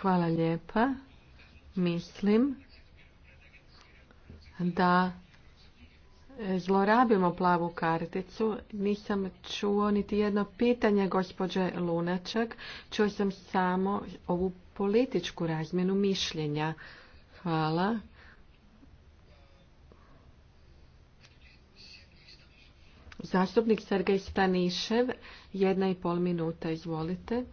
hvala lijepa. Mislim da zlorabimo plavu karticu. Nisam čuo niti jedno pitanje gospođe Lunačak. Čuo sam samo ovu političku razmjenu mišljenja. Hvala. Zastupnik Sergej Stanišev, jedna i pol minuta, izvolite.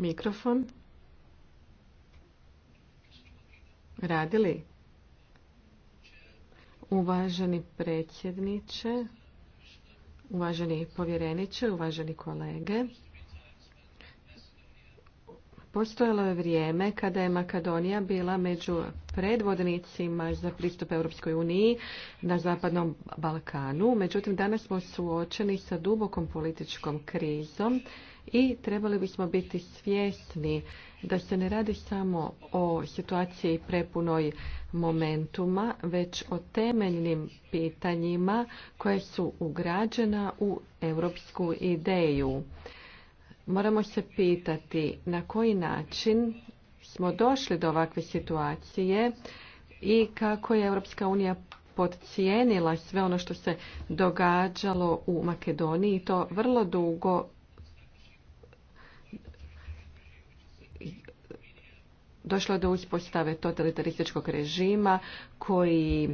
Mikrofon. Radili? Uvaženi predsjedniče, uvaženi povjereniče, uvaženi kolege. Postojalo je vrijeme kada je Makedonija bila među predvodnicima za pristup Europskoj uniji na Zapadnom Balkanu. Međutim, danas smo suočeni sa dubokom političkom krizom i trebali bismo biti svjesni da se ne radi samo o situaciji prepunoj momentuma, već o temeljnim pitanjima koje su ugrađena u europsku ideju. Moramo se pitati na koji način smo došli do ovakve situacije i kako je Europska unija podcijenila sve ono što se događalo u Makedoniji i to vrlo dugo došlo do uspostave totalitarističkog režima koji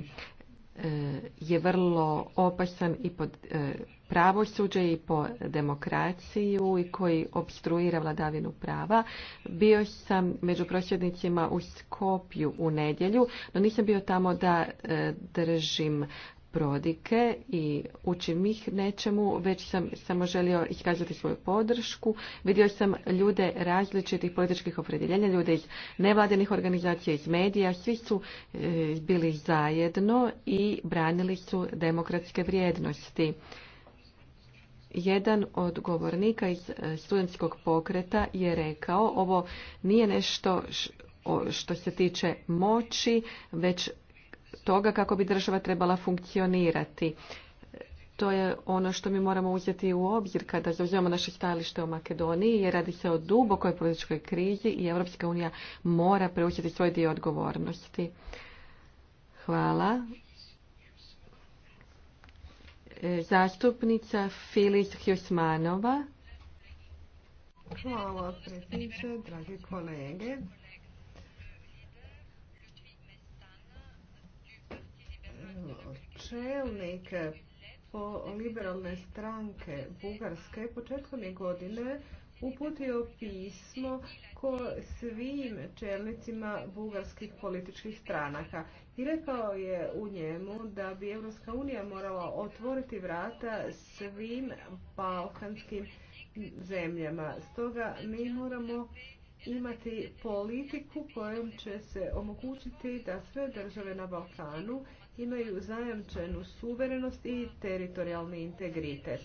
e, je vrlo opasan i pod e, pravosuđe i po demokraciju i koji obstruira vladavinu prava. Bio sam među prosvjednicima u Skopju u nedjelju, no nisam bio tamo da e, držim prodike i učim ih nečemu, već sam samo želio iskazati svoju podršku. Vidio sam ljude različitih političkih opredjeljenja, ljude iz nevladinih organizacija, iz medija, svi su e, bili zajedno i branili su demokratske vrijednosti. Jedan od govornika iz e, studentskog pokreta je rekao ovo nije nešto što se tiče moći, već toga kako bi država trebala funkcionirati. To je ono što mi moramo uzeti u obzir kada zauzimamo naše stajalište u Makedoniji, jer radi se o dubokoj političkoj krizi i Europska unija mora preuzeti svoj dio odgovornosti. Hvala. E, zastupnica Filiz Hjusmanova.
Hvala predsjedniče, dragi kolege. čelnik po liberalne stranke Bugarske početkom godine uputio pismo ko svim čelnicima bugarskih političkih stranaka i rekao je u njemu da bi Europska unija morala otvoriti vrata svim balkanskim zemljama. Stoga mi moramo imati politiku kojom će se omogućiti da sve države na Balkanu imaju zajamčenu suverenost i teritorijalni integritet.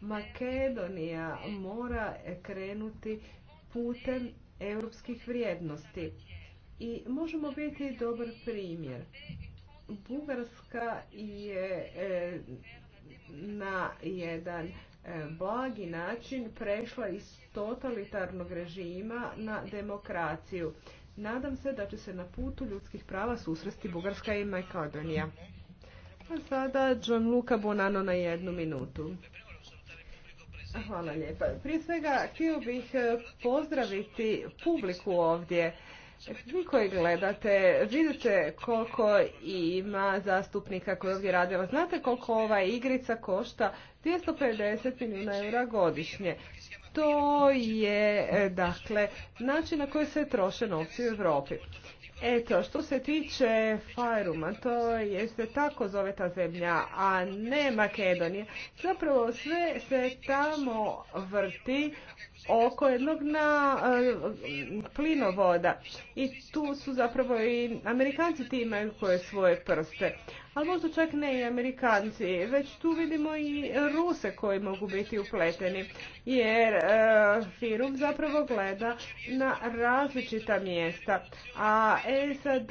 Makedonija mora krenuti putem europskih vrijednosti i možemo biti dobar primjer. Bugarska je e, na jedan e, blagi način prešla iz totalitarnog režima na demokraciju. Nadam se da će se na putu ljudskih prava susresti Bugarska i Makedonija. A sada Luka Bonano na jednu minutu. Hvala lijepa. Prije svega htio bih eh, pozdraviti publiku ovdje. Vi koji gledate, vidite koliko ima zastupnika koji ovdje rade. Znate koliko ova igrica košta? 250 milijuna eura godišnje to je e, dakle način na koji se troše novci u Europi. Eto, što se tiče Fajruma, to jeste tako zove ta zemlja, a ne Makedonija. Zapravo sve se tamo vrti oko jednog na e, plinovoda. I tu su zapravo i Amerikanci ti imaju koje svoje prste. Ali možda čak ne i Amerikanci, već tu vidimo i Ruse koji mogu biti upleteni. Jer e, Firum zapravo gleda na različita mjesta. A SAD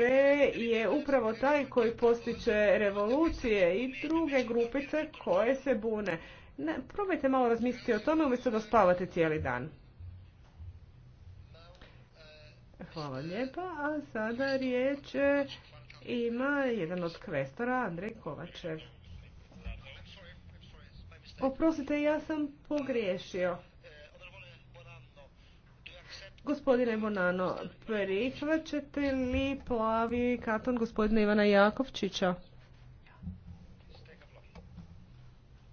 je upravo taj koji postiče revolucije i druge grupice koje se bune. Ne, probajte malo razmisliti o tome umjesto da spavate cijeli dan. Hvala lijepa. A sada riječ ima jedan od kvestora, Andrej Kovačev. Oprostite, ja sam pogriješio. Gospodine Bonano, prihvaćate li plavi katon gospodina Ivana Jakovčića?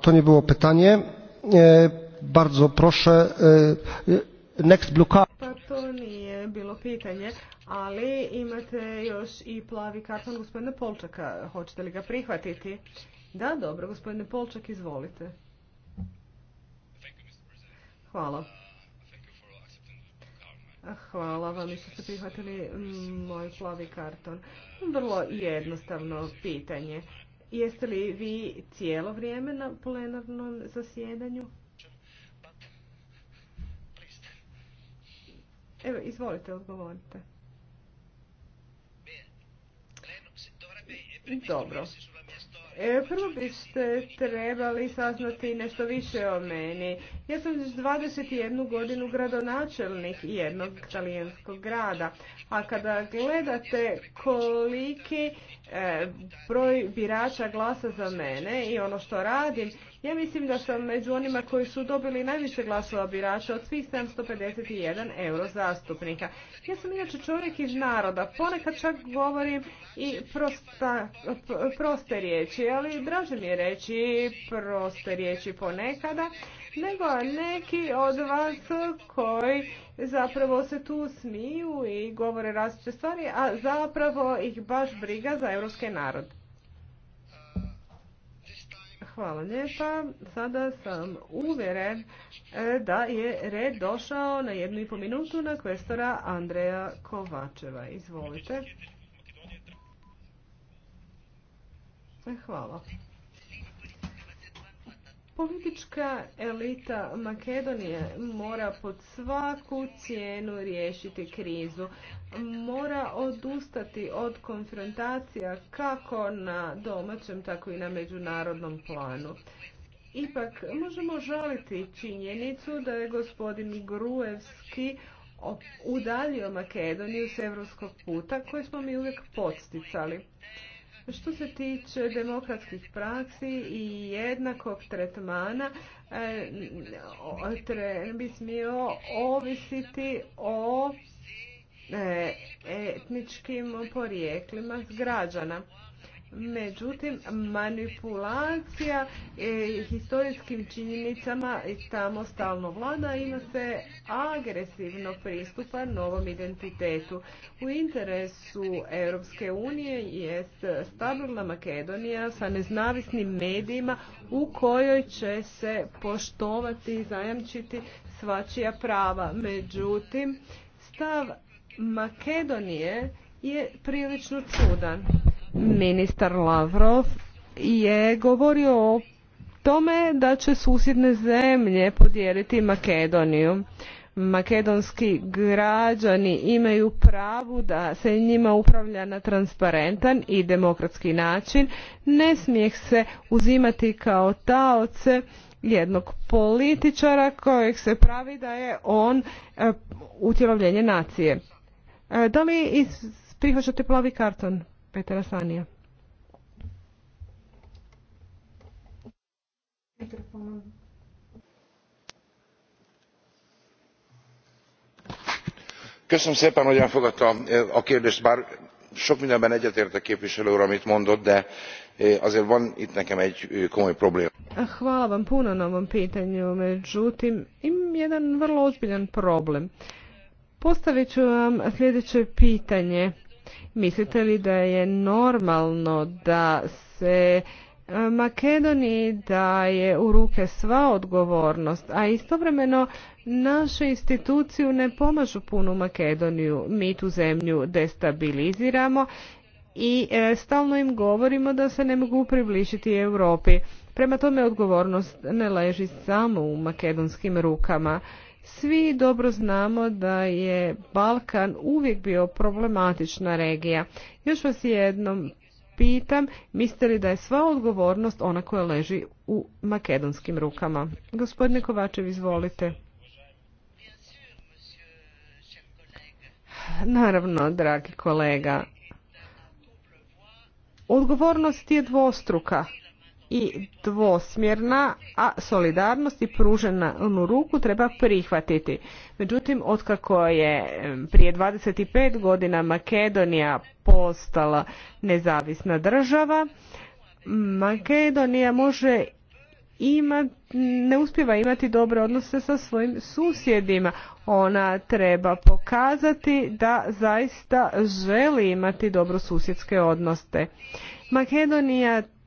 to nie było pytanie. E, bardzo proszę. E, next blue card. Pa
to nije bilo pitanje, ali imate još i plavi karton gospodine Polčaka. Hoćete li ga prihvatiti? Da, dobro, gospodine Polčak, izvolite. Hvala. Hvala vam što ste prihvatili mm, moj plavi karton. Vrlo jednostavno pitanje. Jeste li vi cijelo vrijeme na plenarnom zasjedanju? Evo, izvolite, odgovorite. Dobro. E, prvo biste trebali saznati nešto više o meni. Ja sam 21 godinu gradonačelnik jednog talijanskog grada. A kada gledate koliki e, broj birača glasa za mene i ono što radim, ja mislim da sam među onima koji su dobili najviše glasova birača od svih 751 euro zastupnika. Ja sam inače čovjek iz naroda, ponekad čak govorim i proste riječi, ali draže mi je reći proste riječi ponekada, nego neki od vas koji zapravo se tu smiju i govore različite stvari, a zapravo ih baš briga za europske narod. Hvala lijepa. Sada sam uvjeren e, da je red došao na jednu i po minutu na kvestora Andreja Kovačeva. Izvolite. E, hvala. Politička elita Makedonije mora pod svaku cijenu riješiti krizu mora odustati od konfrontacija kako na domaćem, tako i na međunarodnom planu. Ipak, možemo žaliti činjenicu da je gospodin Gruevski udaljio Makedoniju s evropskog puta koje smo mi uvijek podsticali. Što se tiče demokratskih praksi i jednakog tretmana, e, tre bi smio ovisiti o E, etničkim porijeklima građana. Međutim, manipulacija e, historijskim činjenicama tamo stalno vlada ima se agresivno pristupa novom identitetu. U interesu Europske unije je stabilna Makedonija sa neznavisnim medijima u kojoj će se poštovati i zajamčiti svačija prava. Međutim, stav Makedonije je prilično čudan. Ministar Lavrov je govorio o tome da će susjedne zemlje podijeliti Makedoniju. Makedonski građani imaju pravu da se njima upravlja na transparentan i demokratski način. Ne smije se uzimati kao taoce jednog političara kojeg se pravi da je on e, utjelovljenje nacije. E, da li prihvaćate plavi karton Petra Sanija?
Köszönöm szépen, hogy elfogadta e, a kérdést, bár sok mindenben egyetért a képviselő úr, amit mondott, de e, azért van itt nekem egy komoly
probléma.
Hvala vam puno na ovom pitanju, međutim, im jedan vrlo ozbiljan problem. Postavit ću vam sljedeće pitanje. Mislite li da je normalno da se e, Makedoniji daje u ruke sva odgovornost, a istovremeno naše instituciju ne pomažu punu Makedoniju. Mi tu zemlju destabiliziramo i e, stalno im govorimo da se ne mogu približiti Europi. Prema tome odgovornost ne leži samo u makedonskim rukama. Svi dobro znamo da je Balkan uvijek bio problematična regija. Još vas jednom pitam, mislite li da je sva odgovornost ona koja leži u makedonskim rukama? Gospodine Kovačev, izvolite. Naravno, dragi kolega, odgovornost je dvostruka i dvosmjerna, a solidarnost i pruženu ruku treba prihvatiti. Međutim, otkako je prije 25 godina Makedonija postala nezavisna država, Makedonija može ima, ne uspjeva imati dobre odnose sa svojim susjedima. Ona treba pokazati da zaista želi imati dobro susjedske odnose. Makedonija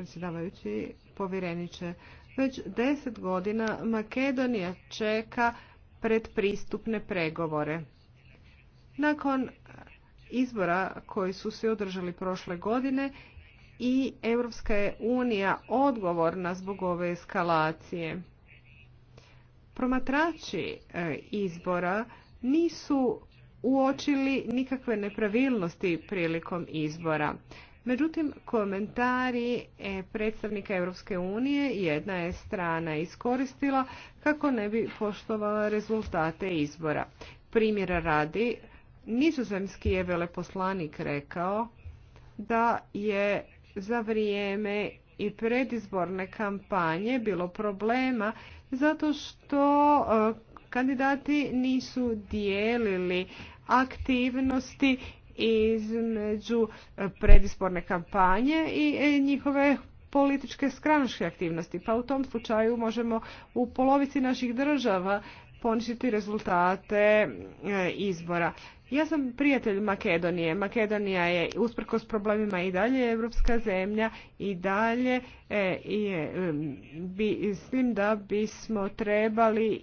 predsjedavajući povjereniče. Već deset godina Makedonija čeka predpristupne pregovore. Nakon izbora koji su se održali prošle godine i Europska je unija odgovorna zbog ove eskalacije. Promatrači e, izbora nisu uočili nikakve nepravilnosti prilikom izbora. Međutim, komentari e, predstavnika Europske unije jedna je strana iskoristila kako ne bi poštovala rezultate izbora. Primjera radi, nizozemski je veleposlanik rekao da je za vrijeme i predizborne kampanje bilo problema zato što e, kandidati nisu dijelili aktivnosti između e, predizborne kampanje i e, njihove političke skranoške aktivnosti. Pa u tom slučaju možemo u polovici naših država poništiti rezultate e, izbora. Ja sam prijatelj Makedonije. Makedonija je usprkos problemima i dalje evropska zemlja i dalje mislim da bismo trebali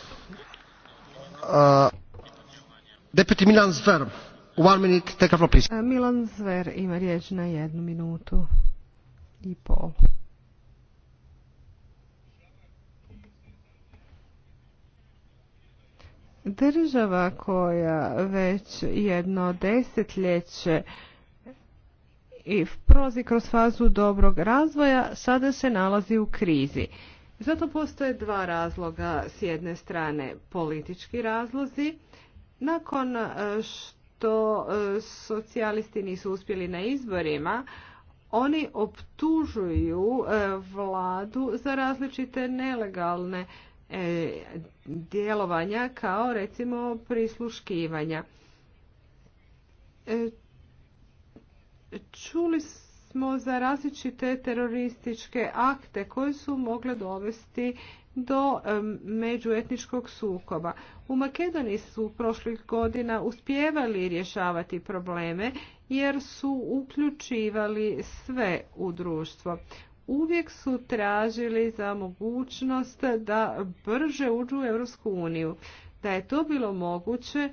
Uh, Milan uh, Milan
Zver ima riječ na jednu minutu i pol. Država koja već jedno desetljeće i prolazi kroz fazu dobrog razvoja, sada se nalazi u krizi. Zato postoje dva razloga. S jedne strane politički razlozi. Nakon e, što e, socijalisti nisu uspjeli na izborima, oni optužuju e, vladu za različite nelegalne djelovanja kao recimo prisluškivanja. Čuli smo za različite terorističke akte koje su mogle dovesti do međuetničkog sukoba. U Makedoniji su prošlih godina uspjevali rješavati probleme jer su uključivali sve u društvo. Uvijek su tražili za mogućnost da brže uđu u EU, Da je to bilo moguće,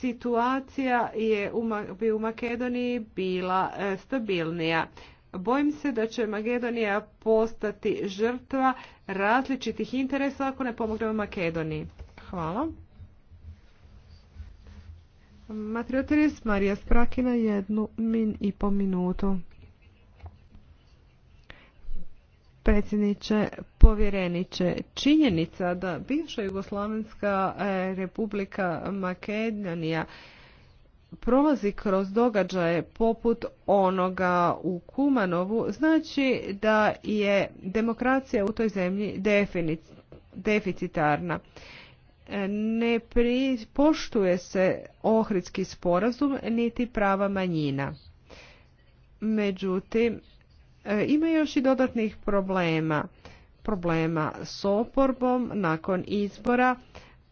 situacija je bi u Makedoniji bila e, stabilnija. Bojim se da će Makedonija postati žrtva različitih interesa ako ne pomognemo Makedoniji. Hvala. Matriotiris Marija Sprakina jednu min i po minutu. predsjedniče povjereniče. Činjenica da bivša Jugoslavenska e, republika Makedonija prolazi kroz događaje poput onoga u Kumanovu znači da je demokracija u toj zemlji deficitarna. E, ne poštuje se ohridski sporazum niti prava manjina. Međutim, E, ima još i dodatnih problema. Problema s oporbom nakon izbora,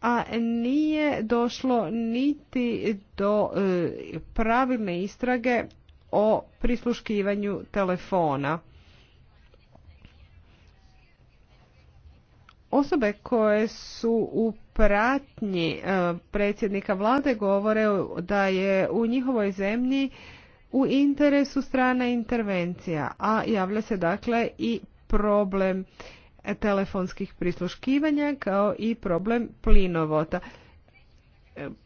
a nije došlo niti do e, pravilne istrage o prisluškivanju telefona. Osobe koje su u pratnji e, predsjednika vlade govore da je u njihovoj zemlji u interesu strana intervencija, a javlja se dakle i problem telefonskih prisluškivanja kao i problem plinovota.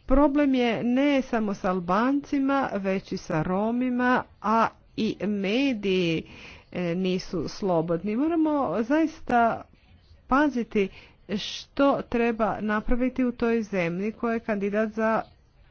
Problem je ne samo s Albancima, već i sa Romima, a i mediji e, nisu slobodni. Moramo zaista paziti što treba napraviti u toj zemlji koja je kandidat za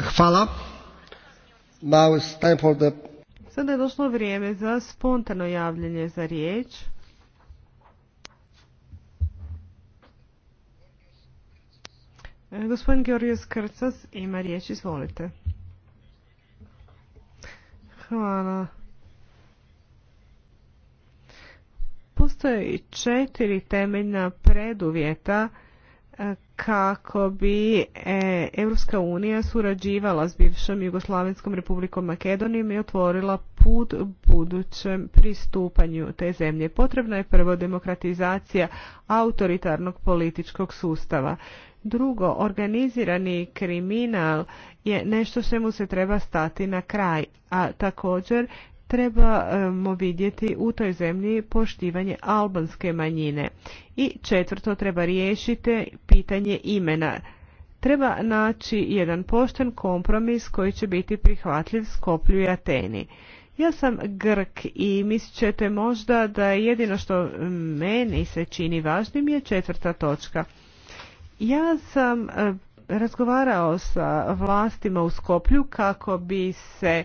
Hvala.
Sada je došlo vrijeme za spontano javljanje za riječ. E, gospodin Georgios Krcas ima riječ, izvolite. Hvala. Postoje četiri temeljna preduvjeta kako bi e, Europska unija surađivala s bivšom Jugoslavenskom republikom Makedonijom i otvorila put budućem pristupanju te zemlje. Potrebna je prvo demokratizacija autoritarnog političkog sustava. Drugo, organizirani kriminal je nešto čemu se treba stati na kraj, a također trebamo vidjeti u toj zemlji poštivanje albanske manjine. I četvrto, treba riješiti pitanje imena. Treba naći jedan pošten kompromis koji će biti prihvatljiv Skoplju i Ateni. Ja sam Grk i mislit ćete možda da jedino što meni se čini važnim je četvrta točka. Ja sam eh, razgovarao sa vlastima u Skoplju kako bi se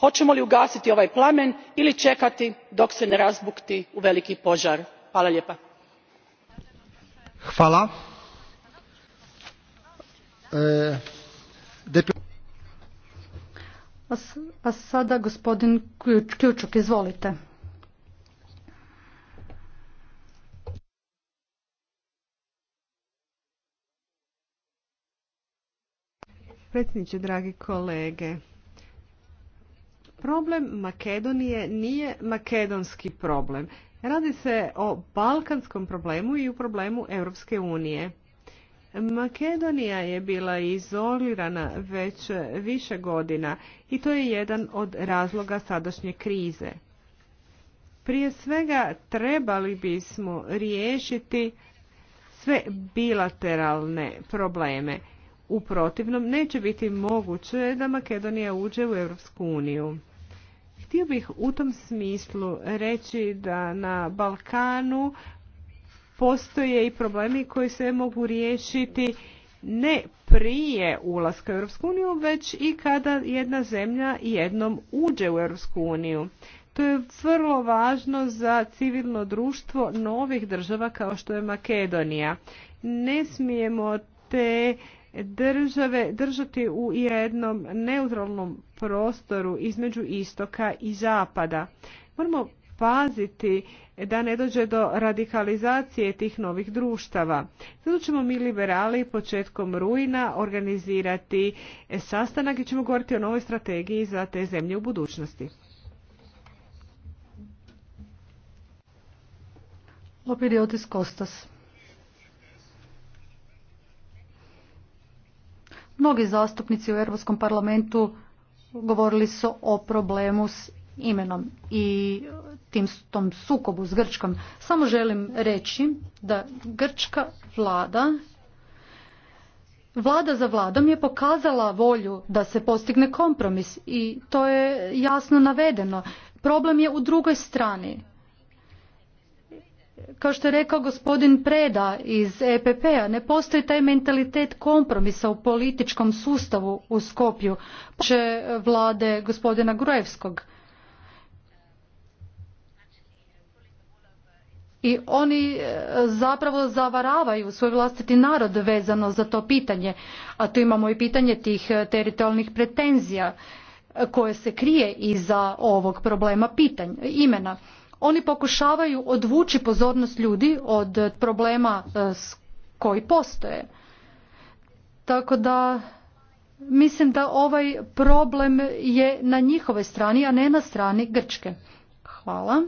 hoćemo li ugasiti ovaj plamen ili čekati dok se ne razbukti u veliki požar? Hvala A e, sada gospodin Ključuk, izvolite.
Predsjedniče, dragi kolege, Problem Makedonije nije makedonski problem. Radi se o balkanskom problemu i u problemu Europske unije. Makedonija je bila izolirana već više godina i to je jedan od razloga sadašnje krize. Prije svega trebali bismo riješiti sve bilateralne probleme. U protivnom neće biti moguće da Makedonija uđe u Europsku uniju. Htio bih u tom smislu reći da na Balkanu postoje i problemi koji se mogu riješiti ne prije ulaska u Europsku uniju, već i kada jedna zemlja jednom uđe u Europsku uniju. To je vrlo važno za civilno društvo novih država kao što je Makedonija. Ne smijemo te države držati u jednom neutralnom prostoru između istoka i zapada. Moramo paziti da ne dođe do radikalizacije tih novih društava. Zato ćemo mi liberali početkom rujna organizirati sastanak i ćemo govoriti o novoj strategiji za te zemlje u budućnosti.
Opiriotis Kostas. Mnogi zastupnici u Europskom parlamentu govorili su o problemu s imenom i tim, tom sukobu s Grčkom. Samo želim reći da Grčka vlada Vlada za vladom je pokazala volju da se postigne kompromis i to je jasno navedeno. Problem je u drugoj strani kao što je rekao gospodin Preda iz EPP-a, ne postoji taj mentalitet kompromisa u političkom sustavu u Skopju, će vlade gospodina Gruevskog. I oni e, zapravo zavaravaju svoj vlastiti narod vezano za to pitanje, a tu imamo i pitanje tih e, teritorijalnih pretenzija e, koje se krije iza ovog problema imena oni pokušavaju odvući pozornost ljudi od problema e, koji postoje. Tako da mislim da ovaj problem je na njihovoj strani, a ne na strani Grčke. Hvala.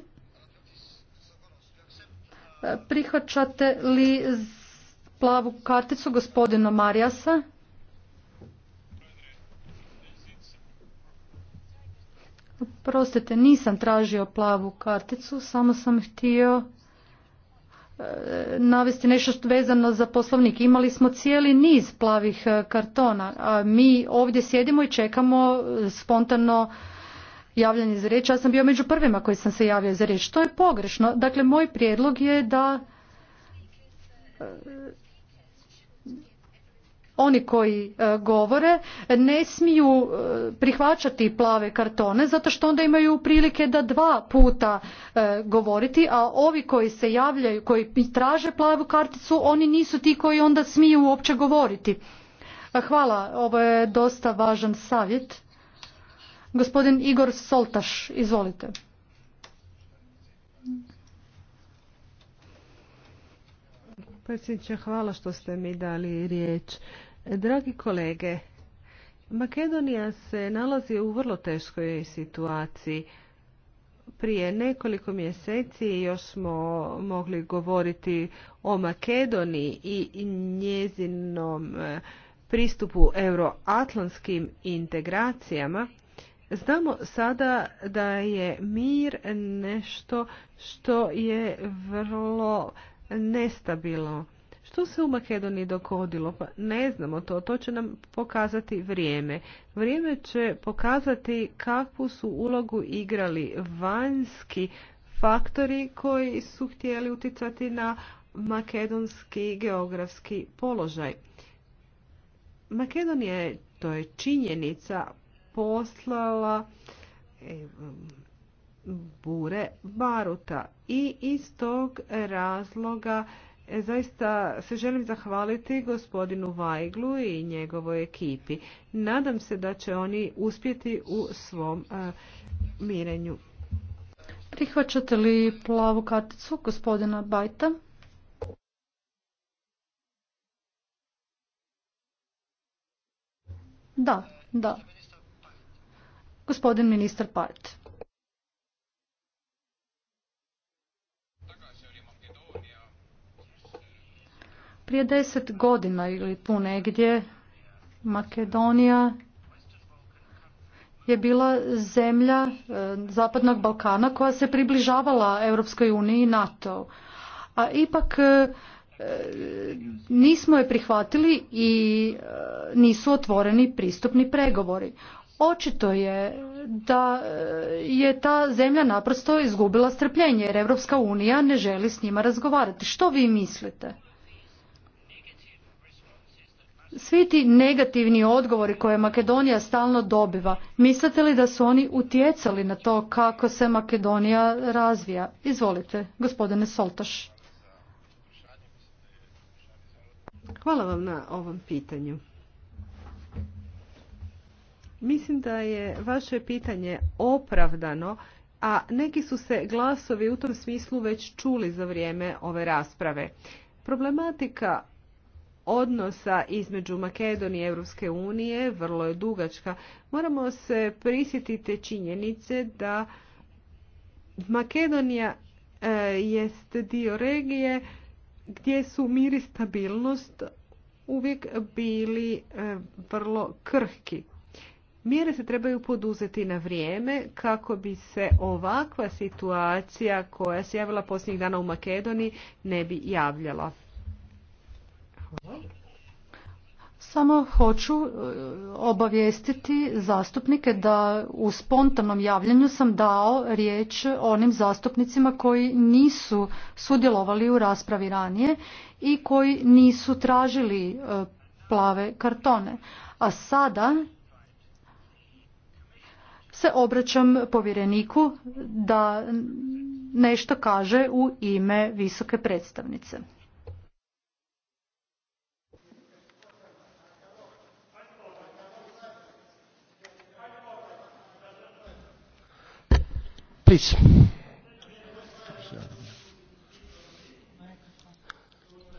E, prihvaćate li plavu karticu gospodina Marijasa? Prostite, nisam tražio plavu karticu, samo sam htio e, navesti nešto vezano za poslovnik. Imali smo cijeli niz plavih e, kartona, mi ovdje sjedimo i čekamo e, spontano javljanje za riječ. Ja sam bio među prvima koji sam se javio za riječ. To je pogrešno. Dakle, moj prijedlog je da oni koji e, govore ne smiju e, prihvaćati plave kartone zato što onda imaju prilike da dva puta e, govoriti, a ovi koji se javljaju, koji traže plavu karticu, oni nisu ti koji onda smiju uopće govoriti. Hvala, ovo je dosta važan savjet. Gospodin Igor Soltaš, izvolite.
Predsjedniče, hvala što ste mi dali riječ. Dragi kolege, Makedonija se nalazi u vrlo teškoj situaciji. Prije nekoliko mjeseci još smo mogli govoriti o Makedoniji i njezinom e, pristupu euroatlantskim integracijama. Znamo sada da je mir nešto što je vrlo nestabilno. Što se u Makedoniji dogodilo? Pa ne znamo to, to će nam pokazati vrijeme. Vrijeme će pokazati kakvu su ulogu igrali vanjski faktori koji su htjeli uticati na makedonski geografski položaj. Makedonija je, to je činjenica, poslala bure baruta i iz tog razloga E, zaista se želim zahvaliti gospodinu Vajglu i njegovoj ekipi. Nadam se da će oni uspjeti u svom e, mirenju.
Prihvaćate li plavu karticu gospodina Bajta? Da, da. Gospodin ministar Part. Prije deset godina ili tu negdje Makedonija je bila zemlja e, Zapadnog Balkana koja se približavala Europskoj uniji i NATO. A ipak e, nismo je prihvatili i e, nisu otvoreni pristupni pregovori. Očito je da je ta zemlja naprosto izgubila strpljenje jer Europska unija ne želi s njima razgovarati. Što vi mislite? Svi ti negativni odgovori koje Makedonija stalno dobiva, mislite li da su oni utjecali na to kako se Makedonija razvija? Izvolite, gospodine Soltaš.
Hvala vam na ovom pitanju. Mislim da je vaše pitanje opravdano, a neki su se glasovi u tom smislu već čuli za vrijeme ove rasprave. Problematika odnosa između Makedonije i Europske unije vrlo je dugačka. Moramo se prisjetiti činjenice da Makedonija e, jest dio regije gdje su mir i stabilnost uvijek bili e, vrlo krhki. Mjere se trebaju poduzeti na vrijeme kako bi se ovakva situacija koja se javila posljednjih dana u Makedoniji ne bi javljala.
Samo hoću e, obavijestiti zastupnike da u spontanom javljanju sam dao riječ onim zastupnicima koji nisu sudjelovali u raspravi ranije i koji nisu tražili e, plave kartone. A sada se obraćam povjereniku da nešto kaže u ime visoke predstavnice.
I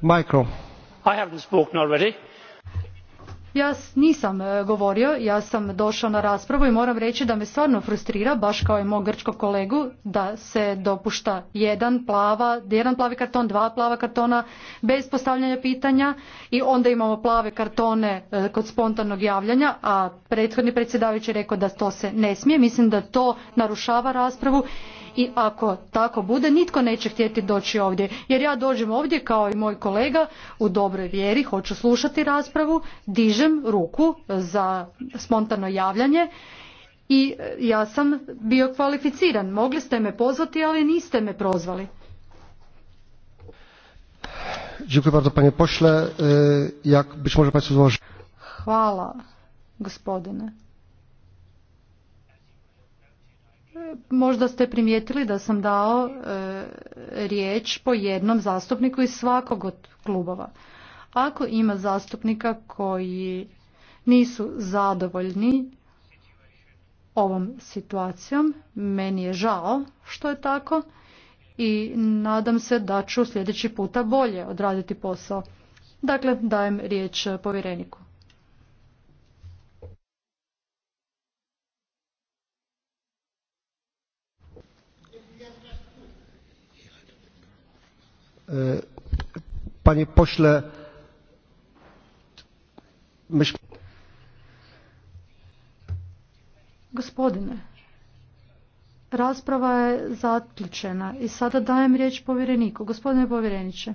Micro. I haven't spoken already. Ja
nisam e, govorio, ja sam došao na raspravu i moram reći da me stvarno frustrira, baš kao i mog grčkog kolegu, da se dopušta jedan, plava, jedan plavi karton, dva plava kartona bez postavljanja pitanja i onda imamo plave kartone e, kod spontanog javljanja, a prethodni predsjedavajući rekao da to se ne smije. Mislim da to narušava raspravu i ako tako bude nitko neće htjeti doći ovdje jer ja dođem ovdje kao i moj kolega u dobroj vjeri hoću slušati raspravu dižem ruku za spontano javljanje i e, ja sam bio kvalificiran mogli ste me pozvati ali niste me prozvali Hvala gospodine Možda ste primijetili da sam dao e, riječ po jednom zastupniku iz svakog od klubova. Ako ima zastupnika koji nisu zadovoljni ovom situacijom, meni je žao što je tako i nadam se da ću sljedeći puta bolje odraditi posao. Dakle, dajem riječ povjereniku.
E, panie pośle,
Gospodine, rasprava je zaključena i sada dajem riječ povjereniku. Gospodine povjereniče.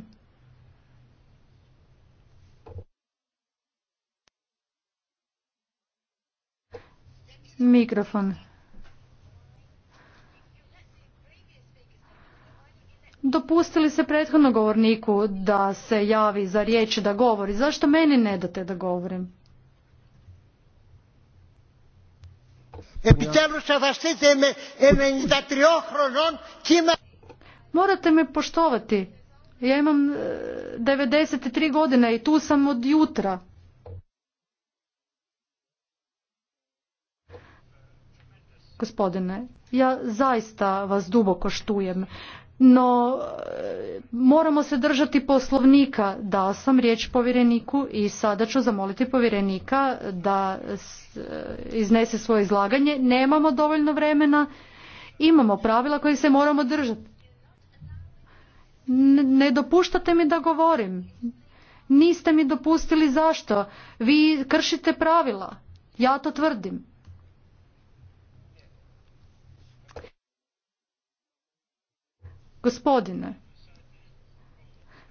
Mikrofon. dopustili se prethodno govorniku da se javi za riječ da govori. Zašto meni ne date da govorim?
Morate me poštovati. Ja imam
93 e, godine i tu sam od jutra. Gospodine, ja zaista vas duboko štujem no e, moramo se držati poslovnika. Da sam riječ povjereniku i sada ću zamoliti povjerenika da e, iznese svoje izlaganje. Nemamo dovoljno vremena, imamo pravila kojih se moramo držati. Ne dopuštate mi da govorim. Niste mi dopustili zašto. Vi kršite pravila. Ja to tvrdim. Gospodine,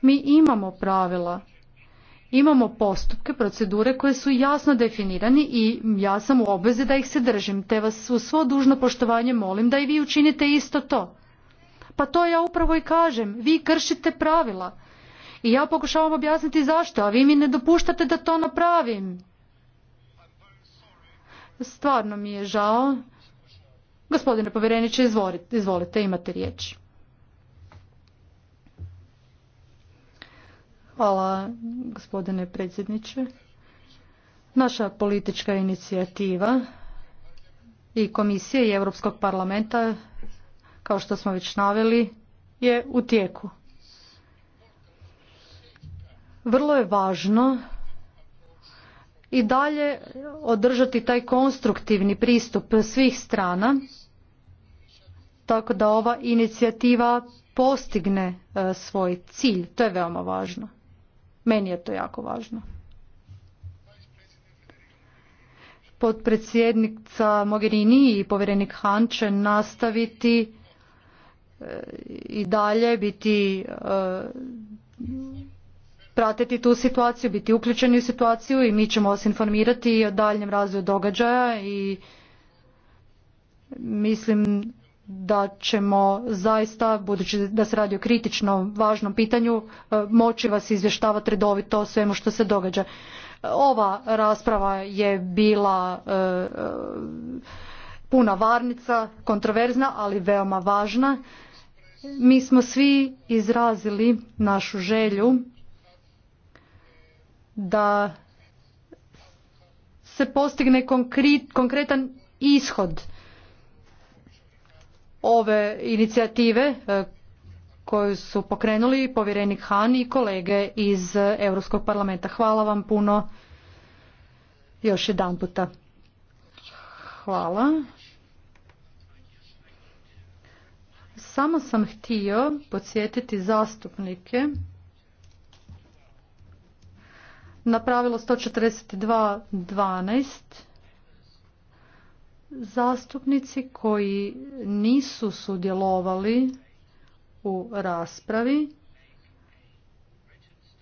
mi imamo pravila, imamo postupke, procedure koje su jasno definirani i ja sam u obvezi da ih se držim, te vas u svo dužno poštovanje molim da i vi učinite isto to. Pa to ja upravo i kažem, vi kršite pravila. I ja pokušavam objasniti zašto, a vi mi ne dopuštate da to napravim. Stvarno mi je žao. Gospodine povjereniče, izvolite, imate riječi. Hvala gospodine predsjedniče. Naša politička inicijativa i Komisije i Europskog parlamenta, kao što smo već naveli, je u tijeku. Vrlo je važno i dalje održati taj konstruktivni pristup svih strana, tako da ova inicijativa postigne e, svoj cilj. To je veoma važno. Meni je to jako važno. Potpredsjednica Mogherini i povjerenik Han će nastaviti e, i dalje biti e, pratiti tu situaciju, biti uključeni u situaciju i mi ćemo vas informirati o daljnjem razvoju događaja i mislim da ćemo zaista, budući da se radi o kritično važnom pitanju, e, moći vas izvještavati redovito o svemu što se događa. E, ova rasprava je bila e, puna varnica, kontroverzna, ali veoma važna. Mi smo svi izrazili našu želju da se postigne konkretan ishod ove inicijative e, koju su pokrenuli povjerenik Han i kolege iz Europskog parlamenta. Hvala vam puno još jedan Hvala. Samo sam htio podsjetiti zastupnike na pravilo 142.12 Zastupnici koji nisu sudjelovali u raspravi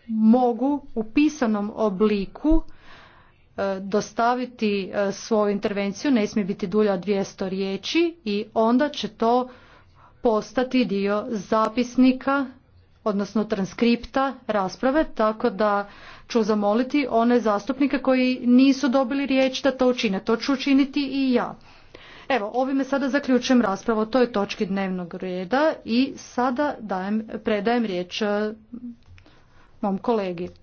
mogu u pisanom obliku e, dostaviti e, svoju intervenciju, ne smije biti dulja od 200 riječi i onda će to postati dio zapisnika, odnosno transkripta rasprave, tako da ću zamoliti one zastupnike koji nisu dobili riječ da to učine. To ću učiniti i ja. Evo, ovime sada zaključujem raspravu o toj točki dnevnog reda i sada dajem, predajem riječ eh, mom kolegi.